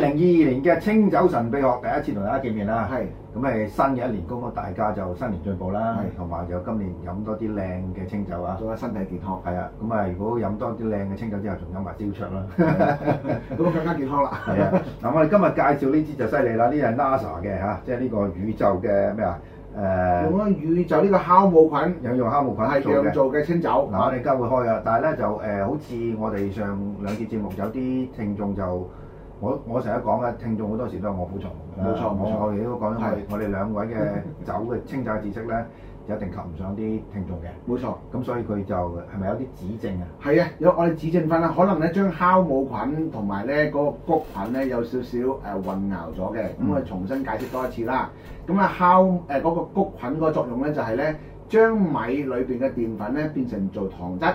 二零二二年嘅清酒神秘學第一次同大家見面啦，係咁係新嘅一年，希望大家就新年進步啦，同埋就今年飲多啲靚嘅清酒啊，咁啊身體健康，係啊，咁啊如果飲多啲靚嘅清酒之後，仲飲埋燒酎啦，咁啊 更加健康啦。係啊，嗱我哋今日介紹呢支就犀利啦，呢隻 NASA 嘅嚇，即係呢個宇宙嘅咩啊？誒、呃，用咗宇宙呢個酵母菌，有用酵母菌係咁做嘅清酒。嗱我哋而家會開嘅，但係咧就誒、呃，好似我哋上兩節節目有啲聽眾就。我我成日講咧，聽眾好多時都係臥虎藏龍嘅。冇錯，啊、錯我的我哋都講咗，我哋兩位嘅酒嘅清酒知識咧，就一定及唔上啲聽眾嘅。冇錯，咁所以佢就係咪有啲指正啊？係啊，有我哋指正翻啦。可能咧將酵母菌同埋咧個谷菌咧有少少誒混淆咗嘅，咁我哋重新解釋多一次啦。咁啊、嗯、酵誒嗰、呃嗰個谷菌嗰個作用咧就係咧將米裏邊嘅澱粉咧變成做糖質。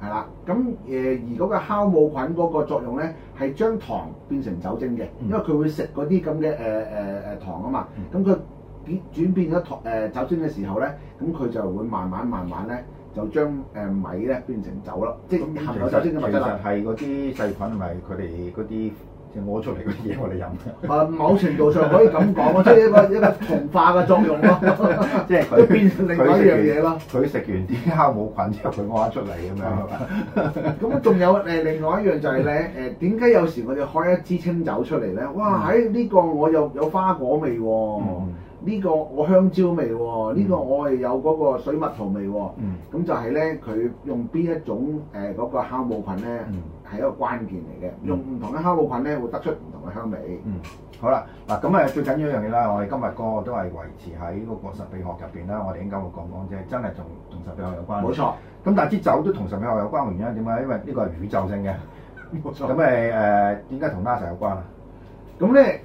係啦，咁誒而嗰個酵母菌嗰個作用咧，係將糖變成酒精嘅，因為佢會食嗰啲咁嘅誒誒誒糖啊嘛，咁佢轉轉變咗糖誒、呃、酒精嘅時候咧，咁佢就會慢慢慢慢咧就將誒米咧變成酒咯，即係含有酒精嘅物質啦。其實係嗰啲細菌同埋佢哋嗰啲。就摸出嚟啲嘢，我哋飲。誒，某程度上可以咁講咯，即係 一個 一個同化嘅作用咯， 即係佢他 變另外一樣嘢咯。佢食完點解冇菌之後佢屙得出嚟咁樣？咁仲有誒另外一樣就係咧誒，點解有時我哋開一支清酒出嚟咧？哇！喺呢、嗯哎呢個我又有，有花果味喎，啊。嗯。呢個我香蕉味喎，呢個我係有嗰個水蜜桃味喎。嗯。咁就係咧，佢用邊一種誒嗰個酵母菌咧，係一個關鍵嚟嘅。用唔同嘅酵母菌咧，會得出唔同嘅香味。嗯。好啦，嗱咁誒最緊要一樣嘢啦，我哋今日個個都係維持喺嗰個神祕學入邊啦。我哋應該會講講啫，真係同仲神祕學有關。冇錯。咁但係支酒都同神祕學有關嘅原因點解？因為呢個係宇宙性嘅。冇錯。咁咪誒點解同 NASA 有關啊？咁咧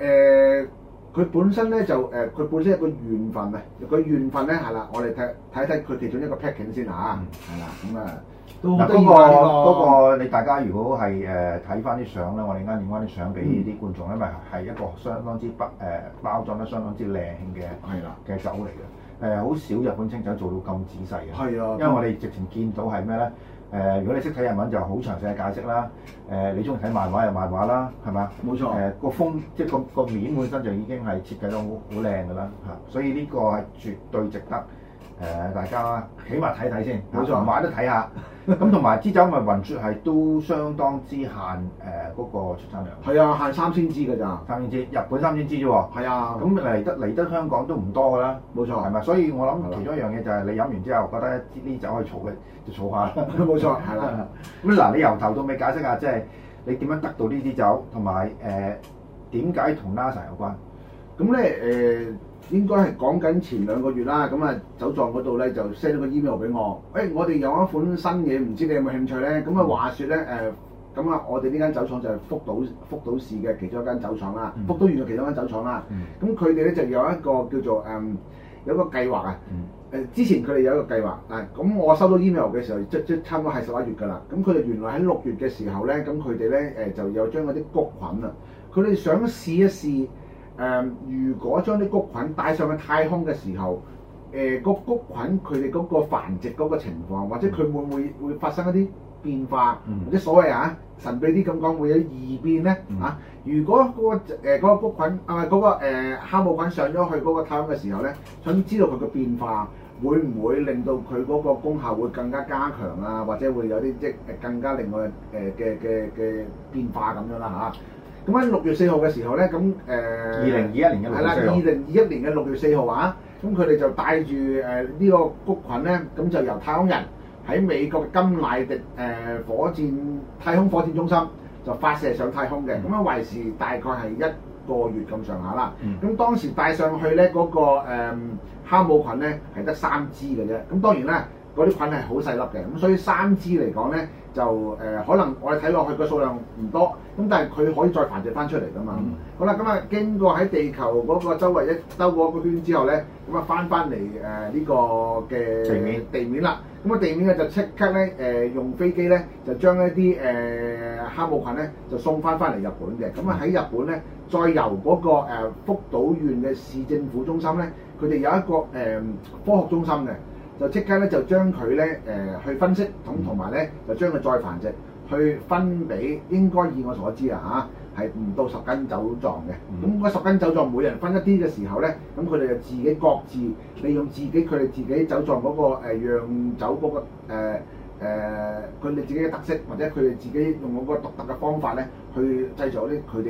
誒。佢本身咧就誒，佢、呃、本身係個緣分啊，佢緣分咧係啦，我哋睇睇睇佢其中一個 packing 先嚇，係啦，咁啊，嗱、啊、嗰、啊嗰個你這個、嗰個、大家如果係誒睇翻啲相咧，我哋啱啱啲相俾啲觀眾、嗯、因咪係一個相當之包誒、呃、包裝得相當之靚嘅係啦嘅酒嚟嘅，誒、呃、好少日本清酒做到咁仔細嘅，係啊，因為我哋直情見到係咩咧？誒、呃，如果你識睇日文就好詳細嘅解釋啦。誒、呃，你中意睇漫畫又漫畫啦，係嘛？冇錯。誒、呃，個風即係個個面本身就已經係設計到好靚㗎啦，嚇。所以呢個係絕對值得。誒、呃，大家、啊、起碼睇睇先，唔買都睇下。咁同埋支酒咪雲雀係都相當之限誒嗰個出產量。係啊，限三千支㗎咋？三千支，日本三千支啫喎。係啊，咁嚟、嗯、得嚟得香港都唔多㗎啦。冇錯，係咪？所以我諗，其中一樣嘢就係你飲完之後，覺得呢支酒可以儲嘅，就儲下。冇錯，係啦。咁嗱、 啊，你由 頭到尾解釋下，即係你點樣得到呢支酒，同埋誒點解同 NASA 有關？咁咧誒？ 應該係講緊前兩個月啦，咁啊酒莊嗰度咧就 send 咗個 email 俾我。誒、欸，我哋有一款新嘢，唔知你有冇興趣咧？咁啊話説咧，誒、呃，咁啊我哋呢間酒廠就係福島，福島市嘅其中一間酒廠啦，嗯、福島縣嘅其中一間酒廠啦。咁佢哋咧就有一個叫做誒、嗯，有一個計劃啊。誒、嗯，之前佢哋有一個計劃，啊，咁我收到 email 嘅時候，即即差唔多係十一月㗎啦。咁佢哋原來喺六月嘅時候咧，咁佢哋咧誒就有將嗰啲麴菌啊，佢哋想試一試。誒、呃，如果將啲麴菌帶上去太空嘅時候，誒、呃、個麴菌佢哋嗰個繁殖嗰個情況，或者佢會唔會會發生一啲變化，嗯、或者所謂啊神秘啲咁講會有異變咧嚇、啊？如果嗰、那個誒嗰、呃那個、麴菌啊嗰個誒酵母菌上咗去嗰個太空嘅時候咧，想知道佢嘅變化會唔會令到佢嗰個功效會更加加強啊？或者會有啲即更加另外誒嘅嘅嘅變化咁樣啦、啊、嚇？咁喺六月四號嘅時候咧，咁誒，二零二一年嘅六月四號，係啦，二零二一年嘅六月四號啊，咁佢哋就帶住誒呢個菌羣咧，咁就由太空人喺美國甘迺迪誒火箭太空火箭中心就發射上太空嘅，咁樣維持大概係一個月咁上下啦。咁當時帶上去咧嗰個誒酵母菌咧係得三支嘅啫，咁當然啦。嗰啲菌係好細粒嘅，咁所以三支嚟講咧，就誒、呃、可能我哋睇落去個數量唔多，咁但係佢可以再繁殖翻出嚟噶嘛。嗯、好啦，咁、嗯、啊經過喺地球嗰個周圍一兜過一個圈之後咧，咁啊翻翻嚟誒呢個嘅地面地啦，咁、嗯、啊地面啊就即刻咧誒、呃、用飛機咧就將一啲誒、呃、酵母菌咧就送翻翻嚟日本嘅。咁啊喺日本咧再由嗰、那個、呃、福島縣嘅市政府中心咧，佢哋有一個誒、呃、科學中心嘅。就即刻咧，就將佢咧誒去分析，同同埋咧就將佢再繁殖，去分俾，應該以我所知啊吓，係、啊、唔到十斤酒莊嘅。咁嗰十斤酒莊，每人分一啲嘅時候咧，咁佢哋就自己各自利用自己佢哋自己酒莊嗰個誒、呃、釀酒嗰個、呃誒佢哋自己嘅特色，或者佢哋自己用嗰個獨特嘅方法咧，去製造啲佢哋誒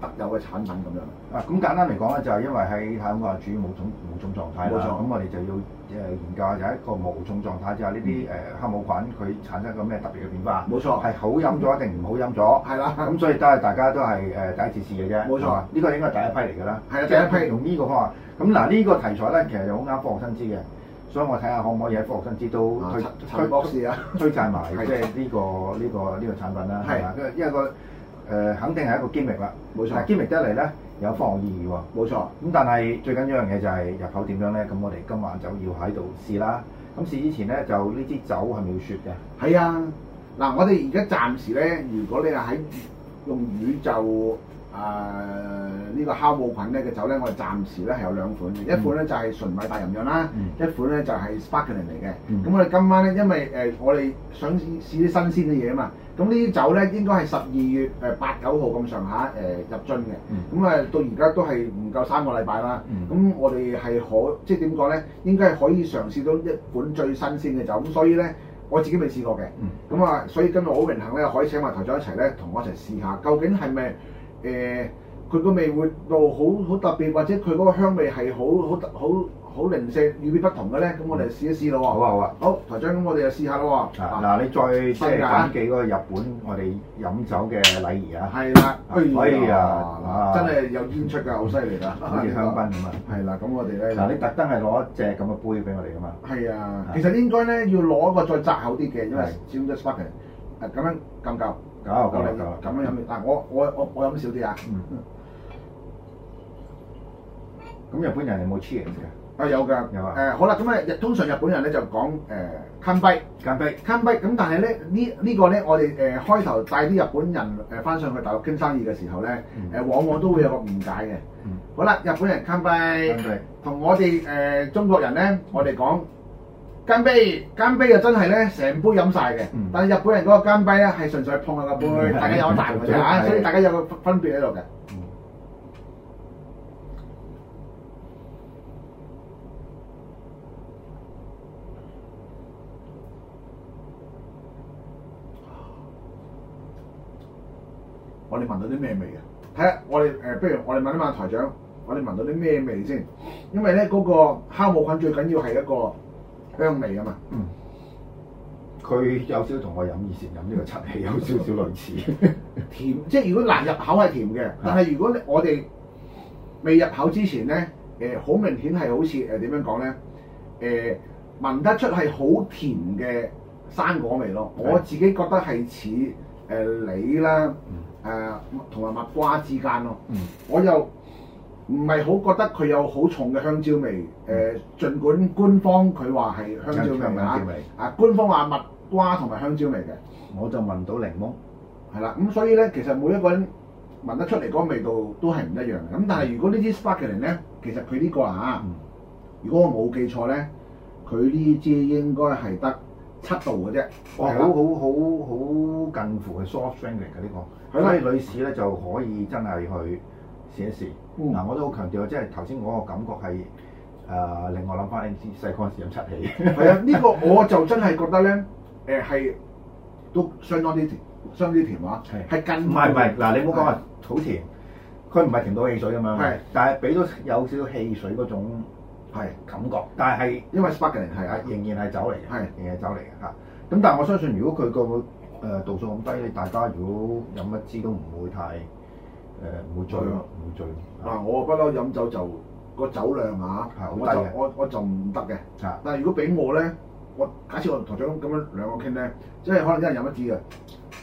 特有嘅產品咁樣。啊，咁簡單嚟講咧，就係、是、因為喺太空係處於無重無重狀態冇錯，咁我哋就要誒、呃、研究下，有一個無重狀態之下，呢啲誒酵母菌佢產生咗咩特別嘅變化？冇錯、嗯，係好飲咗定唔好飲咗？係啦、嗯。咁的所以都係大家都係誒第一次試嘅啫。冇錯，呢吧個應該係第一批嚟㗎啦。係啊，第一批用呢個方法。咁嗱，呢、啊這個題材咧，其實又好啱科學新知嘅。所以我睇下可唔可以喺科學新知都推推博士、這個這個呃、啊，推介埋，即係呢個呢個呢個產品啦。係啊、就是，因為個誒肯定係一個機密啦，冇錯。機密得嚟咧，有科學意義喎，冇錯。咁但係最緊要一樣嘢就係入口點樣咧？咁我哋今晚就要喺度試啦。咁試之前咧，就呢支酒係咪要雪嘅？係啊，嗱，我哋而家暫時咧，如果你係喺用宇，宇宙。啊！這個、呢個酵母菌咧嘅酒咧，我哋暫時咧係有兩款嘅，一款咧就係、是、純米大吟釀啦，嗯、一款咧就係、是、Sparkling 嚟嘅。咁、嗯、我哋今晚咧，因為誒、呃、我哋想試啲新鮮嘅嘢啊嘛。咁呢啲酒咧應該係十二月誒八九號咁上下誒、呃、入樽嘅。咁啊、嗯、到而家都係唔夠三個禮拜啦。咁、嗯、我哋係可即係點講咧？應該係可以嘗試到一款最新鮮嘅酒。咁所以咧，我自己未試過嘅。咁啊，所以今日好榮幸咧，可以請埋台長一齊咧，同我一齊試下究竟係咪。誒，佢個、呃、味會到好好特別，或者佢嗰個香味係好好好好零舍與別不同嘅咧，咁我哋試一試咯好啊好啊。好，啊好，台長，咁我哋就試下咯嗱、啊，你再即係講幾個日本我哋飲酒嘅禮儀啊？係啦。哎呀。真係有煙出㗎，好犀利㗎。似香檳咁啊。係啦，咁我哋咧。嗱、啊，你特登係攞一隻咁嘅杯俾我哋㗎嘛。係啊。其實應該咧要攞個再窄口啲嘅，因為咁、啊啊、樣咁夠。搞啊，過嚟咁樣飲，但係我我我我飲少啲啊。嗯。咁日本人係冇 Cheers 嘅。啊有㗎。有啊。誒好啦，咁啊，日通常日本人咧就講誒乾杯，乾杯，乾杯。咁但係咧呢呢個咧，我哋誒開頭帶啲日本人誒翻上去大陸傾生意嘅時候咧，誒往往都會有個誤解嘅。好啦，日本人乾杯，同我哋誒中國人咧，我哋講。乾杯，乾杯又真係咧，成杯飲晒嘅。但係日本人嗰個乾杯咧，係純粹碰下個杯，大家有啖嘅啫嚇，嗯、所以大家有個分別喺度嘅。我哋聞到啲咩味啊？睇下我哋誒，不如我哋問一問台長，我哋聞到啲咩味先？因為咧，嗰、嗰個酵母菌最緊要係一個。香味啊嘛，佢，嗯、有少少同我飲以前飲呢個七喜有少，少少類似。 甜，即係如果嗱入口係甜嘅，但係如果我哋未入口之前咧，誒、呃、好明顯係好似誒點樣講咧，誒、呃、聞得出係好甜嘅生果味咯。的我自己覺得係似誒梨啦，誒同埋蜜瓜之間咯。嗯、我又。唔係好覺得佢有好重嘅香蕉味，誒、呃，儘管官方佢話係香蕉味香蕉味啊，啊，官方話蜜瓜同埋香蕉味嘅，我就聞到檸檬，係啦，咁、嗯、所以咧，其實每一個人聞得出嚟嗰味道都係唔一樣嘅，咁但係如果呢支 Sparkling 咧，其實佢呢、個啊，嗯、如果我冇記錯咧，佢呢支應該係得七度嘅啫，係好好好好，好近乎係 soft drink 嚟嘅呢個，所以女士咧就可以真係去。時、嗯、啊！我都好強調，即係頭先我個感覺係誒，另外諗翻，飲支細個時飲七喜。係、嗯、啊，呢、這個我就真係覺得咧，誒、呃、係都相當啲，相當啲甜話，係近是。唔係唔係，嗱你唔好講啊，好甜，佢唔係甜到汽水咁樣，係是，但係俾到有少少汽水嗰種感覺。感覺，但係因為 Sparkling 係啊，仍然係酒嚟嘅，係，仍然係酒嚟嘅嚇。咁但係我相信，如果佢個誒度數咁低，你大家如果飲乜支都唔會太。唔冇醉咯，冇醉。嗱，我不嬲飲酒就個酒量啊，我就我我就唔得嘅。但係如果俾我咧，我假設我同台長咁樣兩個傾咧，即係可能一人飲一支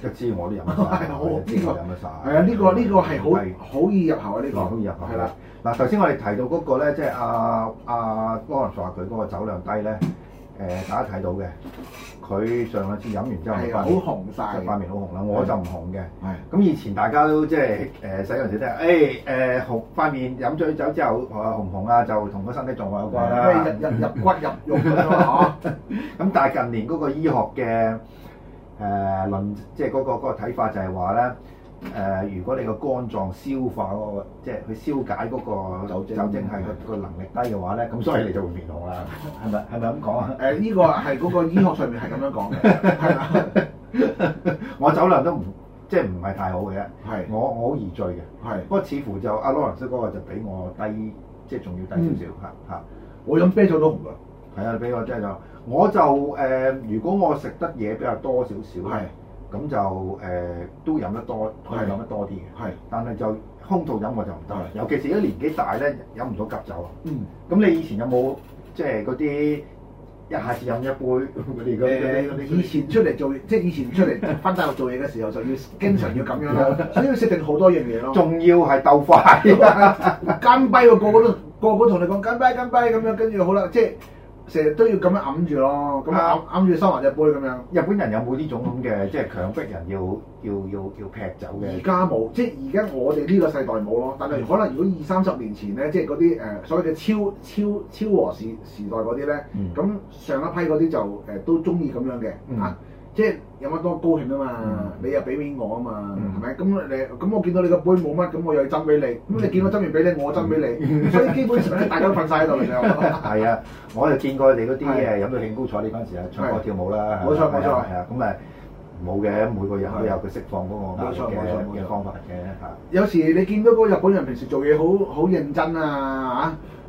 嘅，一支我都飲得曬。係，我一支飲得晒，係啊，呢個呢個係好好易入口呢個。好易入口。係啦，嗱，頭先我哋提到嗰個咧，即係阿阿汪仁樹話佢嗰個酒量低咧。誒、呃、大家睇到嘅，佢上一次飲完之後係好紅晒，塊面好紅啦，我就唔紅嘅。咁的以前大家都即係誒使用時都係，誒誒紅塊面飲咗酒之後啊紅紅啊，就同個身體狀況有關啦。入入骨入肉㗎咁、 啊、 但係近年嗰個醫學嘅誒論，即係嗰個睇、嗰個嗰個、法就係話咧。誒，如果你個肝臟消化嗰即係去消解嗰個酒精，酒精係個個能力低嘅話咧，咁所以你就會面紅啦，係咪係咪咁講啊？誒，呢個係嗰個醫學上面係咁樣講嘅，係啦。我酒量都唔，即係唔係太好嘅，係我我好易醉嘅，係。不過似乎就阿 Laurence 嗰個就比我低，即係仲要低少少嚇嚇。我飲啤酒都唔㗎，係啊，比我即係就我就誒，如果我食得嘢比較多少少係。咁就誒、呃、都飲得多，都飲得多啲嘅。係的，但係就空肚飲我就唔得啦。的尤其是而家年紀大咧，飲唔到急酒。嗯。咁你以前有冇即係嗰啲一下子飲一杯、嗯呃。你以前出嚟做，即係以前出嚟翻大陸做嘢嘅時候，就要經常， 常要咁樣咯。所以要設定好多樣嘢咯。仲 要係鬥快，跟 跛個，個個都個個同你講跟跛跟跛咁樣，跟住好啦，即係。即成日都要咁樣揞住咯，咁揞揞住收埋隻杯咁樣。日本人有冇呢種咁嘅，即係強迫人要要要要劈走嘅？而家冇，即係而家我哋呢個世代冇咯。但係可能如果二三十年前咧，即係嗰啲誒所謂嘅超超昭和時時代嗰啲咧，咁、嗯、上一批嗰啲就誒、呃、都中意咁樣嘅。啊嗯即係有乜多高興啊嘛！你又俾面我啊嘛，係咪？咁你咁我見到你個杯冇乜，咁我又要斟俾你。咁你見到斟完俾你，我斟俾你。所以基本上大家都瞓晒喺度嚟㗎。係啊，我就見過你嗰啲誒飲到興高彩呢陣時啊，唱歌跳舞啦。冇錯冇錯，係啊咁啊冇嘅，每個人都有佢釋放嗰個冇嘅方法嘅。有時你見到個日本人平時做嘢好好認真啊，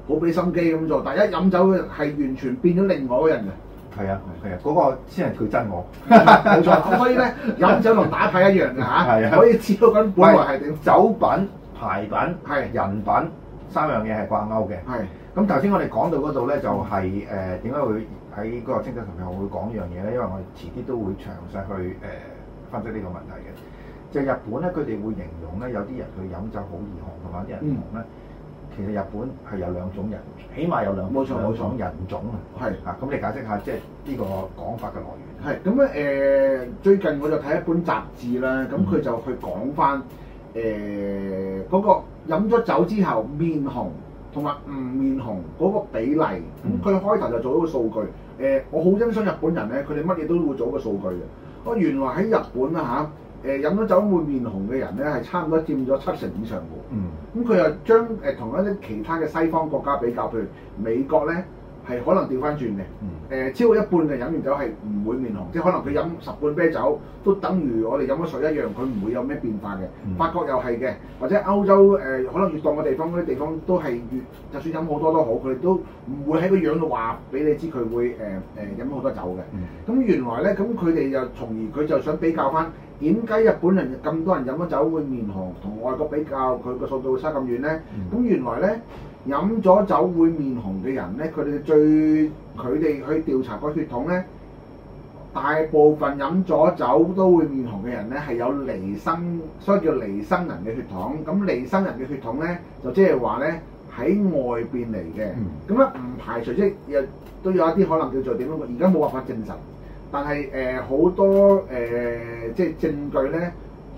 吓好俾心機咁做，但一飲酒係完全變咗另外一個人嘅。係啊，係啊，嗰、那個先係佢真我，冇錯、 嗯。咁所以咧， 飲酒同打牌一樣嘅嚇，啊啊、可以知道緊本來係酒品、牌品、係人品三樣嘢係掛鈎嘅。係是。咁頭先我哋講到嗰度咧，就係誒點解會喺嗰個清酒同埋我會講呢樣嘢咧？因為我哋遲啲都會詳細去誒、呃、分析呢個問題嘅。即係、日本咧，佢哋會形容咧，有啲人去飲酒好易紅同埋，啲人唔咧。嗯其實日本係有兩種人，起碼有兩種冇錯兩種人種係啊。係啊，咁你解釋下即係呢個講法嘅來源。係咁啊，誒、呃、最近我就睇一本雜誌啦，咁佢就去講翻誒嗰個飲咗酒之後面紅同埋唔面紅嗰個比例。咁佢開頭就做咗個數據，誒、嗯呃、我好欣賞日本人咧，佢哋乜嘢都會做一個數據嘅。哦，原來喺日本啊。誒飲咗酒會面紅嘅人咧，係差唔多佔咗七成以上嘅。嗯，咁佢又將誒同一啲其他嘅西方國家比較，譬如美國咧，係可能調翻轉嘅。嗯，誒超過一半嘅人飲完酒係唔會面紅，即係可能佢飲十罐啤酒都等於我哋飲咗水一樣，佢唔會有咩變化嘅。法國又係嘅，或者歐洲誒可能越凍嘅地方嗰啲地方都係越，就算飲好多都好，佢哋都唔會喺個樣度話俾你知佢會誒誒飲好多酒嘅。咁原來咧，咁佢哋又從而佢就想比較翻。點解日本人咁多人飲咗酒會面紅，同外國比較佢個數據會差咁遠呢？咁原來呢飲咗酒會面紅嘅人呢，佢哋最佢哋去調查個血統呢，大部分飲咗酒都會面紅嘅人呢係有離生，所以叫離生人嘅血統。咁離生人嘅血統呢，就即係話呢喺外邊嚟嘅。咁呢唔排除即係都有一啲可能叫做點樣？而家冇辦法證實。但係誒好多誒、呃、即係證據咧，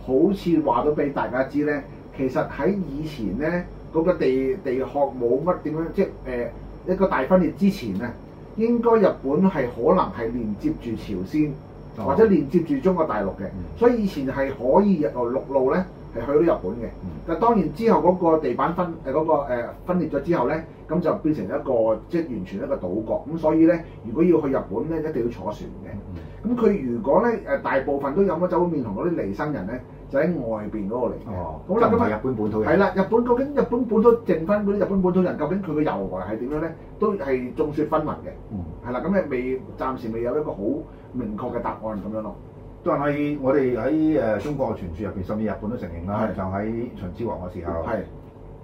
好似話到俾大家知咧，其實喺以前咧，嗰、那個地地殼冇乜點樣，即係誒、呃、一個大分裂之前啊，應該日本係可能係連接住朝鮮，或者連接住中國大陸嘅，所以以前係可以入陸路咧。係去到日本嘅，但當然之後嗰個地板分誒嗰個誒分裂咗之後咧，咁就變成一個即係完全一個島國，咁所以咧，如果要去日本咧，一定要坐船嘅。咁佢如果咧誒大部分都有乜走咗面同嗰啲離生人咧，就喺外邊嗰個嚟嘅。哦，好啦，咁啊，日本本土人係啦，日本究竟日本本土剩翻嗰啲日本本土人究竟佢嘅由來係點樣咧？都係眾說紛紜嘅。嗯，係啦，咁咧未暫時未有一個好明確嘅答案咁樣咯。但係我哋喺誒中國嘅傳説入邊，甚至日本都承認啦，的就喺秦始皇嘅時候，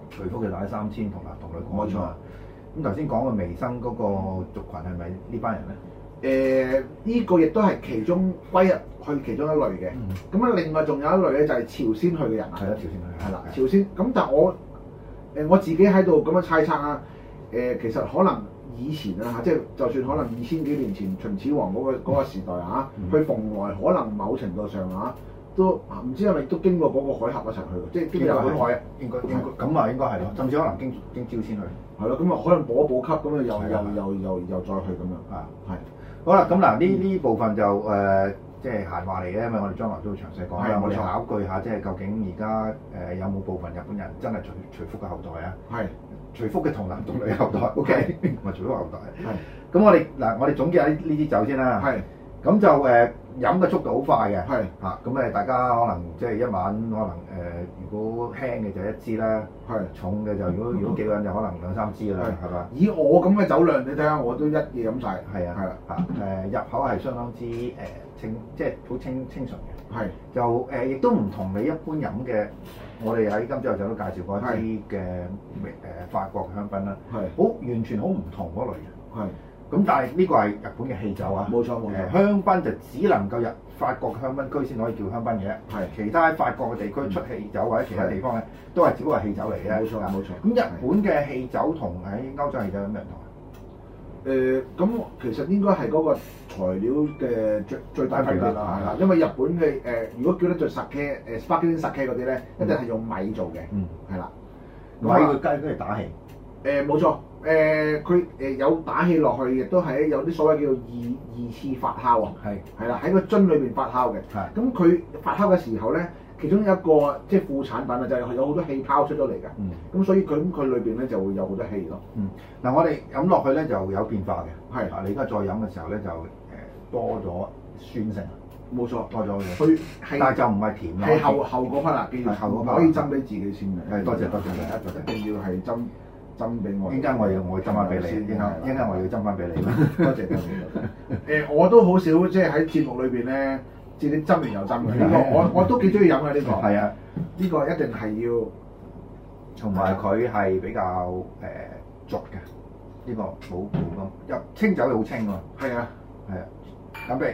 徐福佢帶三千同埋同佢講啊，咁頭先講嘅微生嗰個族群係咪呢班人咧？誒、呃，呢、呢個亦都係其中歸入去其中一類嘅。咁啊、嗯，另外仲有一類咧，就係朝鮮去嘅人啊。係啊，朝鮮去。係啦。朝鮮。咁，但係我誒我自己喺度咁樣猜測啊。誒、呃，其實可能。以前啦嚇，即係就算可能二千幾年前秦始皇嗰個嗰個時代嚇，去蓬萊可能某程度上嚇都唔知係咪都經過嗰個海峽一齊去，即係經過日本海，應該應該咁啊，應該係啦，甚至可能經經朝鮮去，係咯，咁啊可能補一補級咁啊，又又又又又再去咁樣啊，係好啦，咁嗱呢呢部分就誒即係閒話嚟嘅，因為我哋將來都會詳細講啦，我哋考據下即係究竟而家誒有冇部分日本人真係徐徐福嘅後代啊？係。徐福嘅同男同女後代，OK，唔係 徐福後代。係是，咁我哋嗱，我哋總結下呢支酒先啦。係是，咁就誒飲嘅速度好快嘅。係是。嚇、啊，咁誒大家可能即係一晚可能誒、呃，如果輕嘅就一支啦。係是。重嘅就如果如果幾個人就可能兩三支啦，係咪啊？以我咁嘅酒量，你睇下我都一嘢飲晒。係啊，係啦的。嚇、啊，誒、呃、入口係相當之誒、呃、清,清，即係好清清,清清純清。係，就誒亦都唔同你一般飲嘅。我哋喺今朝頭都介紹過一啲嘅誒法國香檳啦，係好完全好唔同嗰類嘅。係，咁但係呢個係日本嘅氣酒啊，冇錯冇錯，香檳就只能夠入法國香檳區先可以叫香檳嘅，係其他喺法國嘅地區出氣酒或者其他地方呢都係只不過係氣酒嚟嘅，冇錯冇錯。咁日本嘅氣酒同喺歐洲氣酒有咩唔同？誒咁、呃、其實應該係嗰個材料嘅最最大分別啦，係啦，因為日本嘅誒、呃，如果叫得做 Sake，誒 Sparkling Sake 嗰啲咧，一定係用米做嘅，嗯，係啦了，米佢加嚟打氣，誒冇、呃、錯，誒佢誒有打氣落去，亦都係有啲所謂叫做二二次發酵啊，係是，係啦，喺個樽裏邊發酵嘅，係是，咁佢發酵嘅時候咧。其中一個即係副產品啊，就係有好多氣泡出咗嚟嘅。咁所以佢佢裏邊咧就會有好多氣咯。嗯，嗱我哋飲落去咧就有變化嘅。係，你而家再飲嘅時候咧就誒多咗酸性。冇錯，多咗嘅。佢但係就唔係甜啦。係後果翻啦，就可以斟俾自己先。嘅。係，多謝多謝。一定要係斟斟俾我。應家我要我去斟翻俾你先。應家我要斟翻俾你。多謝多謝。誒，我都好少即係喺節目裏邊咧。即係啲真源又真嘅呢個，我我都幾中意飲嘅呢個。係啊，呢個一定係要，同埋佢係比較誒濁嘅呢個，冇冇咁入，清酒係好清㗎。係啊，係啊。林鼻，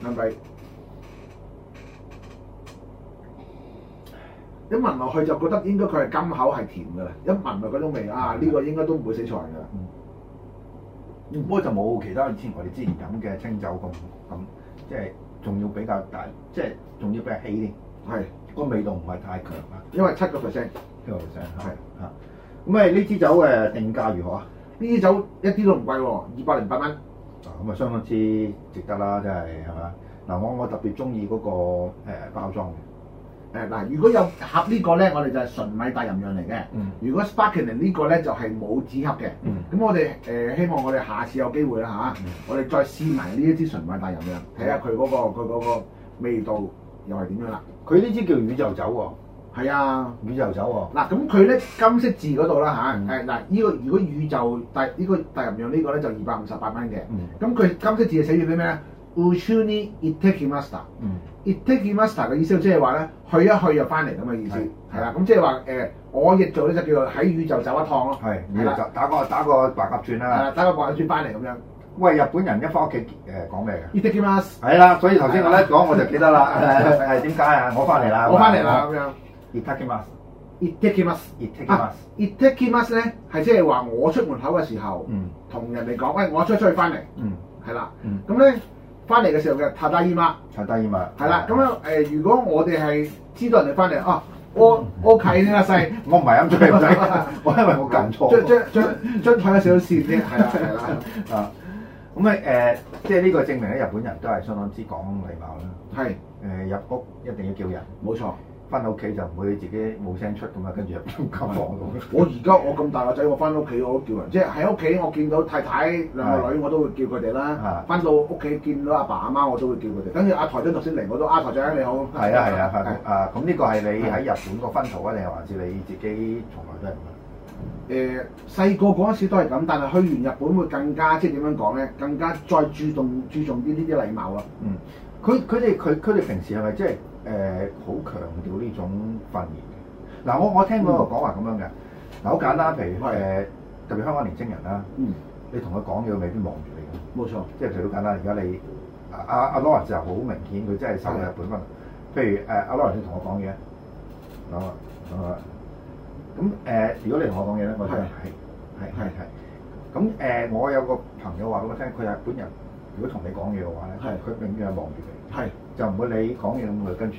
林鼻，一聞落去就覺得應該佢係甘口係甜㗎啦。一聞落嗰種味啊，呢個應該都唔會死錯人㗎。嗯。不過就冇其他以前我哋之前飲嘅清酒咁咁即係。仲要比較大，即係仲要比較稀啲。係的，個味道唔係太強啊。因為七個 percent，七個 percent。係啊，咁誒呢支酒誒定價如何啊？呢支酒一啲都唔貴喎，二百零八蚊。啊，咁啊相當之值得啦，真係係嘛。嗱，我我特別中意嗰個、欸、包裝嘅。誒嗱，如果有盒呢個咧，我哋就係純米大吟釀嚟嘅。嗯、如果 Sparkling 呢個咧，就係冇紙盒嘅。咁、嗯、我哋誒、呃、希望我哋下次有機會啦吓，啊嗯、我哋再試埋呢一支純米大吟釀，睇下佢嗰個佢嗰個味道又係點樣啦。佢呢支叫宇宙酒喎，係啊，啊宇宙酒喎、啊。嗱、啊，咁佢咧金色字嗰度啦吓，誒嗱呢個如果宇宙大呢、這個大吟釀呢個咧就二百五十八蚊嘅。咁佢、嗯、金色字係寫住啲咩咧？Ochunie Itakimaster，Itakimaster 嘅意思即係話咧，去一去就翻嚟咁嘅意思，係啦。咁即係話誒，我亦做咧就叫做喺宇宙走一趟咯，係，係打個打個白鴿轉啦，係啦，打個白鴿轉翻嚟咁樣。喂，日本人一翻屋企誒講咩嘅？Itakimaster 係啦，所以頭先我一講我就記得啦，係點解啊？我翻嚟啦，我翻嚟啦咁樣。Itakimaster，Itakimaster，Itakimaster，Itakimaster t 咧係即係話我出門口嘅時候，同人哋講喂，我出出去翻嚟，嗯，係啦，嗯，咁咧。翻嚟嘅時候嘅，ただいま，ただいま，係啦。咁樣誒，如果我哋係知道人哋翻嚟，哦，おかえりなさい， 我唔係啱出嚟， 我因為我近錯，將將將將睇咗少少先，線 啫楽，係啦係啦啊。咁咪誒，即係呢個證明咧，日本人都係相當之講禮貌啦。係誒的、呃，入屋一定要叫人，冇錯。翻到屋企就唔會自己冇聲出咁啊，跟住入邊金房 我而家我咁大個仔，我翻屋企我都叫人，即係喺屋企我見到太太兩個女我都會叫佢哋啦。翻的到屋企，見到阿爸阿媽我都會叫佢哋。跟住的阿台長頭先嚟我都阿、啊、台長你好。係啊係啊，的的啊咁呢個係你喺日本嗰個分途啊，定係還是你自己從來都係咁？誒細個嗰陣時都係咁，但係去完日本會更加即係點樣講咧？更加再注重注重啲呢啲禮貌啊！嗯，佢佢哋佢佢哋平時係咪即係？就是誒好、呃、強調呢種訓練嘅，嗱、啊、我我聽佢講話咁樣嘅，嗱好、嗯、簡單，譬如誒是、呃、特別香港年輕人啦，嗯、你同佢講嘢，佢未必望住你嘅，冇錯，即係譬如好簡單，而家你阿阿 Laurence 就好明顯，佢真係受日本氛，是譬如誒阿 Laurence 你同我講嘢，啊啊，咁誒、呃、如果你同我講嘢咧，我聽，係係係咁誒我有個朋友話畀我聽佢日本人,家人家。如果同你講嘢嘅話咧，係佢的永遠係望住你，係的就唔會你講嘢咁佢跟住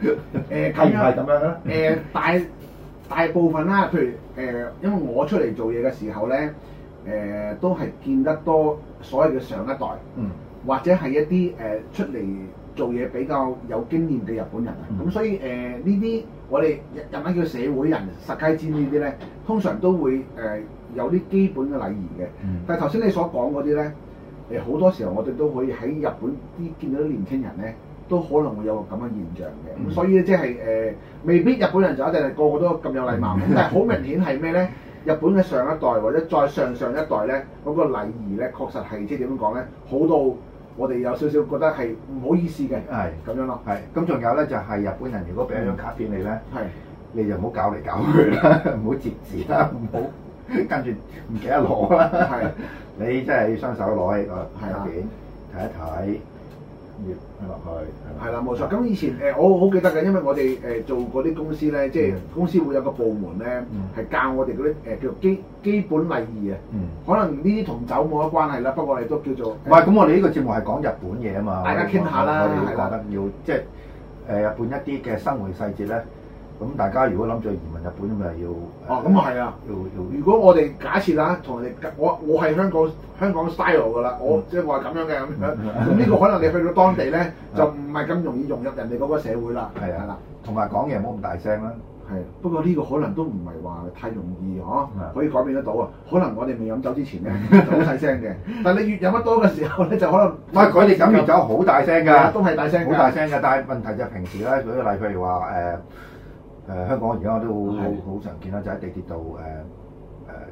就喺度誒，係係咁樣咧？誒、呃、大大部分啦，譬如誒、呃，因為我出嚟做嘢嘅時候咧，誒、呃、都係見得多所謂嘅上一代，嗯，或者係一啲誒、呃、出嚟做嘢比較有經驗嘅日本人啊，咁、嗯、所以誒呢啲我哋日日文叫社會人食雞尖呢啲咧，通常都會誒、呃、有啲基本嘅禮儀嘅，但係頭先你所講嗰啲咧。誒好多時候我哋都可以喺日本啲見到啲年青人咧，都可能會有個咁嘅現象嘅。咁所以咧即係誒、呃，未必日本人就一定個個都咁有禮貌， 但係好明顯係咩咧？日本嘅上一代或者再上上一代咧，嗰、那個禮儀咧確實係即係點講咧，好到我哋有少少覺得係唔好意思嘅。係咁是樣咯。係是。咁仲有咧就係、是、日本人如果俾張卡片你咧，係是你就唔好搞嚟搞去啦，唔好折紙啦，唔好跟住唔記得攞啦。係。你真係要雙手攞起，攞片睇一睇，貼落去。係啦，冇錯。咁以前誒，我好記得嘅，因為我哋誒做過啲公司咧，即係公司會有個部門咧，係教我哋嗰啲誒叫做基基本禮儀啊。可能呢啲同酒冇乜關係啦，不過我哋都叫做。唔係，咁我哋呢個節目係講日本嘢啊嘛，大家傾下啦。我哋覺得要即係誒日本一啲嘅生活細節咧。咁大家如果諗住移民日本咁啊，要哦咁啊係啊！如果我哋假設啊，同人哋我我係香港香港 style 嘅啦，我即係我係咁樣嘅咁樣，咁呢個可能你去到當地咧，就唔係咁容易融入人哋嗰個社會啦。係啊，嗱，同埋講嘢冇咁大聲啦。係，不過呢個可能都唔係話太容易可以改變得到啊。可能我哋未飲酒之前咧，就好細聲嘅，但係你越飲得多嘅時候咧，就可能唔係佢哋飲完酒好大聲㗎，都係大聲，好大聲嘅。但係問題就係平時咧，舉個例，譬如話誒。誒、呃、香港而家我都好好的常見啦，就喺地鐵度誒誒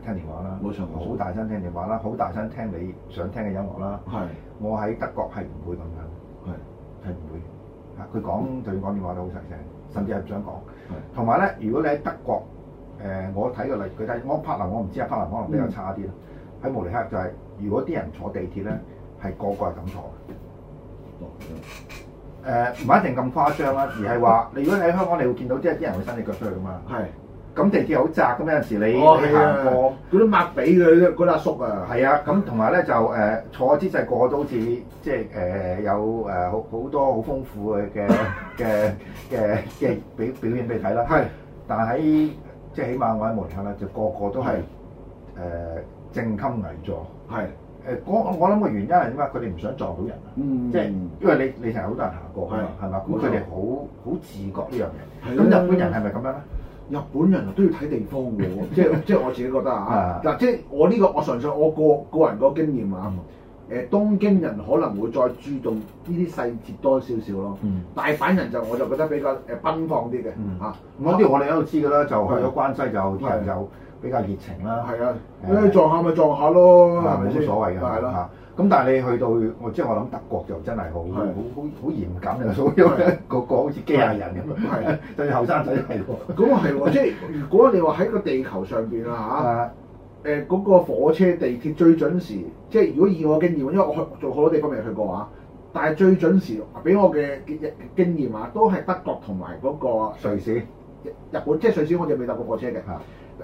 聽電話啦，好大聲聽電話啦，好大聲聽你想聽嘅音樂啦。係的。我喺德國係唔會咁樣。係的。係唔會。嚇、啊！佢講就算講電話都好細聲，甚至係唔想講。同埋咧，如果你喺德國，誒、呃、我睇嘅例，佢睇我柏林我，我唔知啊，柏林可能比較差啲啦。喺慕、嗯、尼黑就係、是，如果啲人坐地鐵咧，係個個係咁坐。誒唔係一定咁誇張啦，而係話你如果你喺香港，你會見到啲啲人會伸你腳出去噶嘛。係是。咁地鐵好窄，咁有陣時你，哦、你行過佢都抹俾佢嗰阿叔啊。係啊。咁同埋咧就誒、呃、坐姿勢個個都好似即係誒有誒好好多好豐富嘅嘅嘅嘅表表現俾你睇啦。係 是。但係喺即係起碼我喺門下咧，就個個都係誒、呃、正襟危坐。係。 誒，我諗個原因係點啊？佢哋唔想撞到人啊，即係因為你你成日好多人行過啊嘛，係嘛？咁佢哋好好自覺呢樣嘢。咁日本人係咪咁樣咧？日本人都要睇地方喎，即係即係我自己覺得嚇。嗱，即係我呢個我純粹我個個人個經驗啊。誒，東京人可能會再注重呢啲細節多少少咯。大阪人就我就覺得比較誒奔放啲嘅嚇。嗰啲我哋喺度知嘅啦，就去咗關西就啲人就。比較熱情啦，係啊，你撞下咪撞下咯，係咪冇所謂嘅嚇。咁但係你去到，我即係我諗德國就真係好，好好好嚴謹嘅，所以個個好似機械人咁。係對後生仔係咁係喎，即係如果你話喺個地球上邊啊嚇，誒嗰個火車地鐵最準時，即係如果以我經驗，因為我去做好多地方未去過啊，但係最準時俾我嘅嘅經驗啊，都係德國同埋嗰個瑞士、日本，即係瑞士我仲未搭過火車嘅。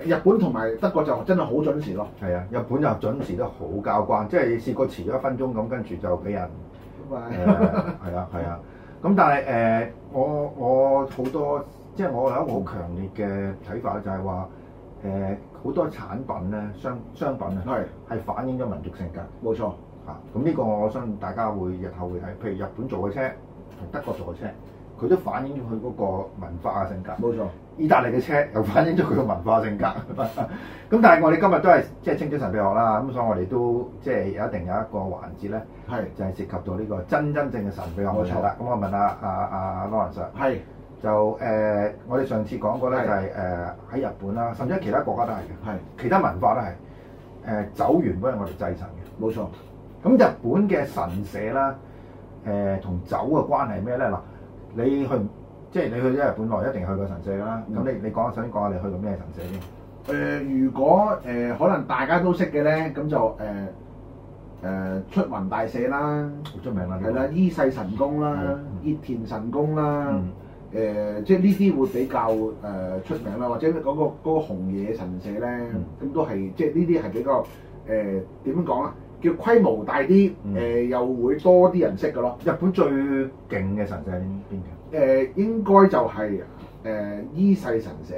日本同埋德國就真係好準時咯，係啊，日本又準時得好交關，即係試過遲咗一分鐘咁，跟住就俾人係啊係啊，咁、啊啊嗯、但係誒、呃，我我好多即係、就是、我有一個好強烈嘅睇法就係話誒好多產品咧，商商品啊係係反映咗民族性格，冇錯嚇。咁呢、啊、個我相信大家會日後會睇，譬如日本做嘅車同德國做嘅車。佢都反映咗佢嗰個文化嘅性格。冇錯，意大利嘅車又反映咗佢個文化性格。咁 但係我哋今日都係即係清咗神祕學啦，咁所以我哋都即係有一定有一個環節咧，就係涉及到呢個真真正嘅神祕學。冇錯啦，咁我問下阿阿阿 Laurence sir，係、uh, uh, 是就誒，uh, 我哋上次講過咧、就是，就係誒喺日本啦，甚至其他國家都係嘅，是其他文化都係誒、uh, 酒原本係我哋祭神嘅。冇錯。咁日本嘅神社啦，誒、呃、同酒嘅關係咩咧？嗱。你去即係你去咗日本內一定去過神社啦。咁你你講下想講下你去過咩神社先？誒，如果誒可能大家都識嘅咧，咁就誒誒出雲大社啦，出名啦，係啦，伊勢神宮啦，熱田神宮啦，誒即係呢啲會比較誒出名啦，或者嗰個嗰個熊野神社咧，咁都係即係呢啲係比較誒點樣講咧？要規模大啲，誒又會多啲人識㗎咯。日本最勁嘅神社喺邊邊？誒應該就係誒伊勢神社，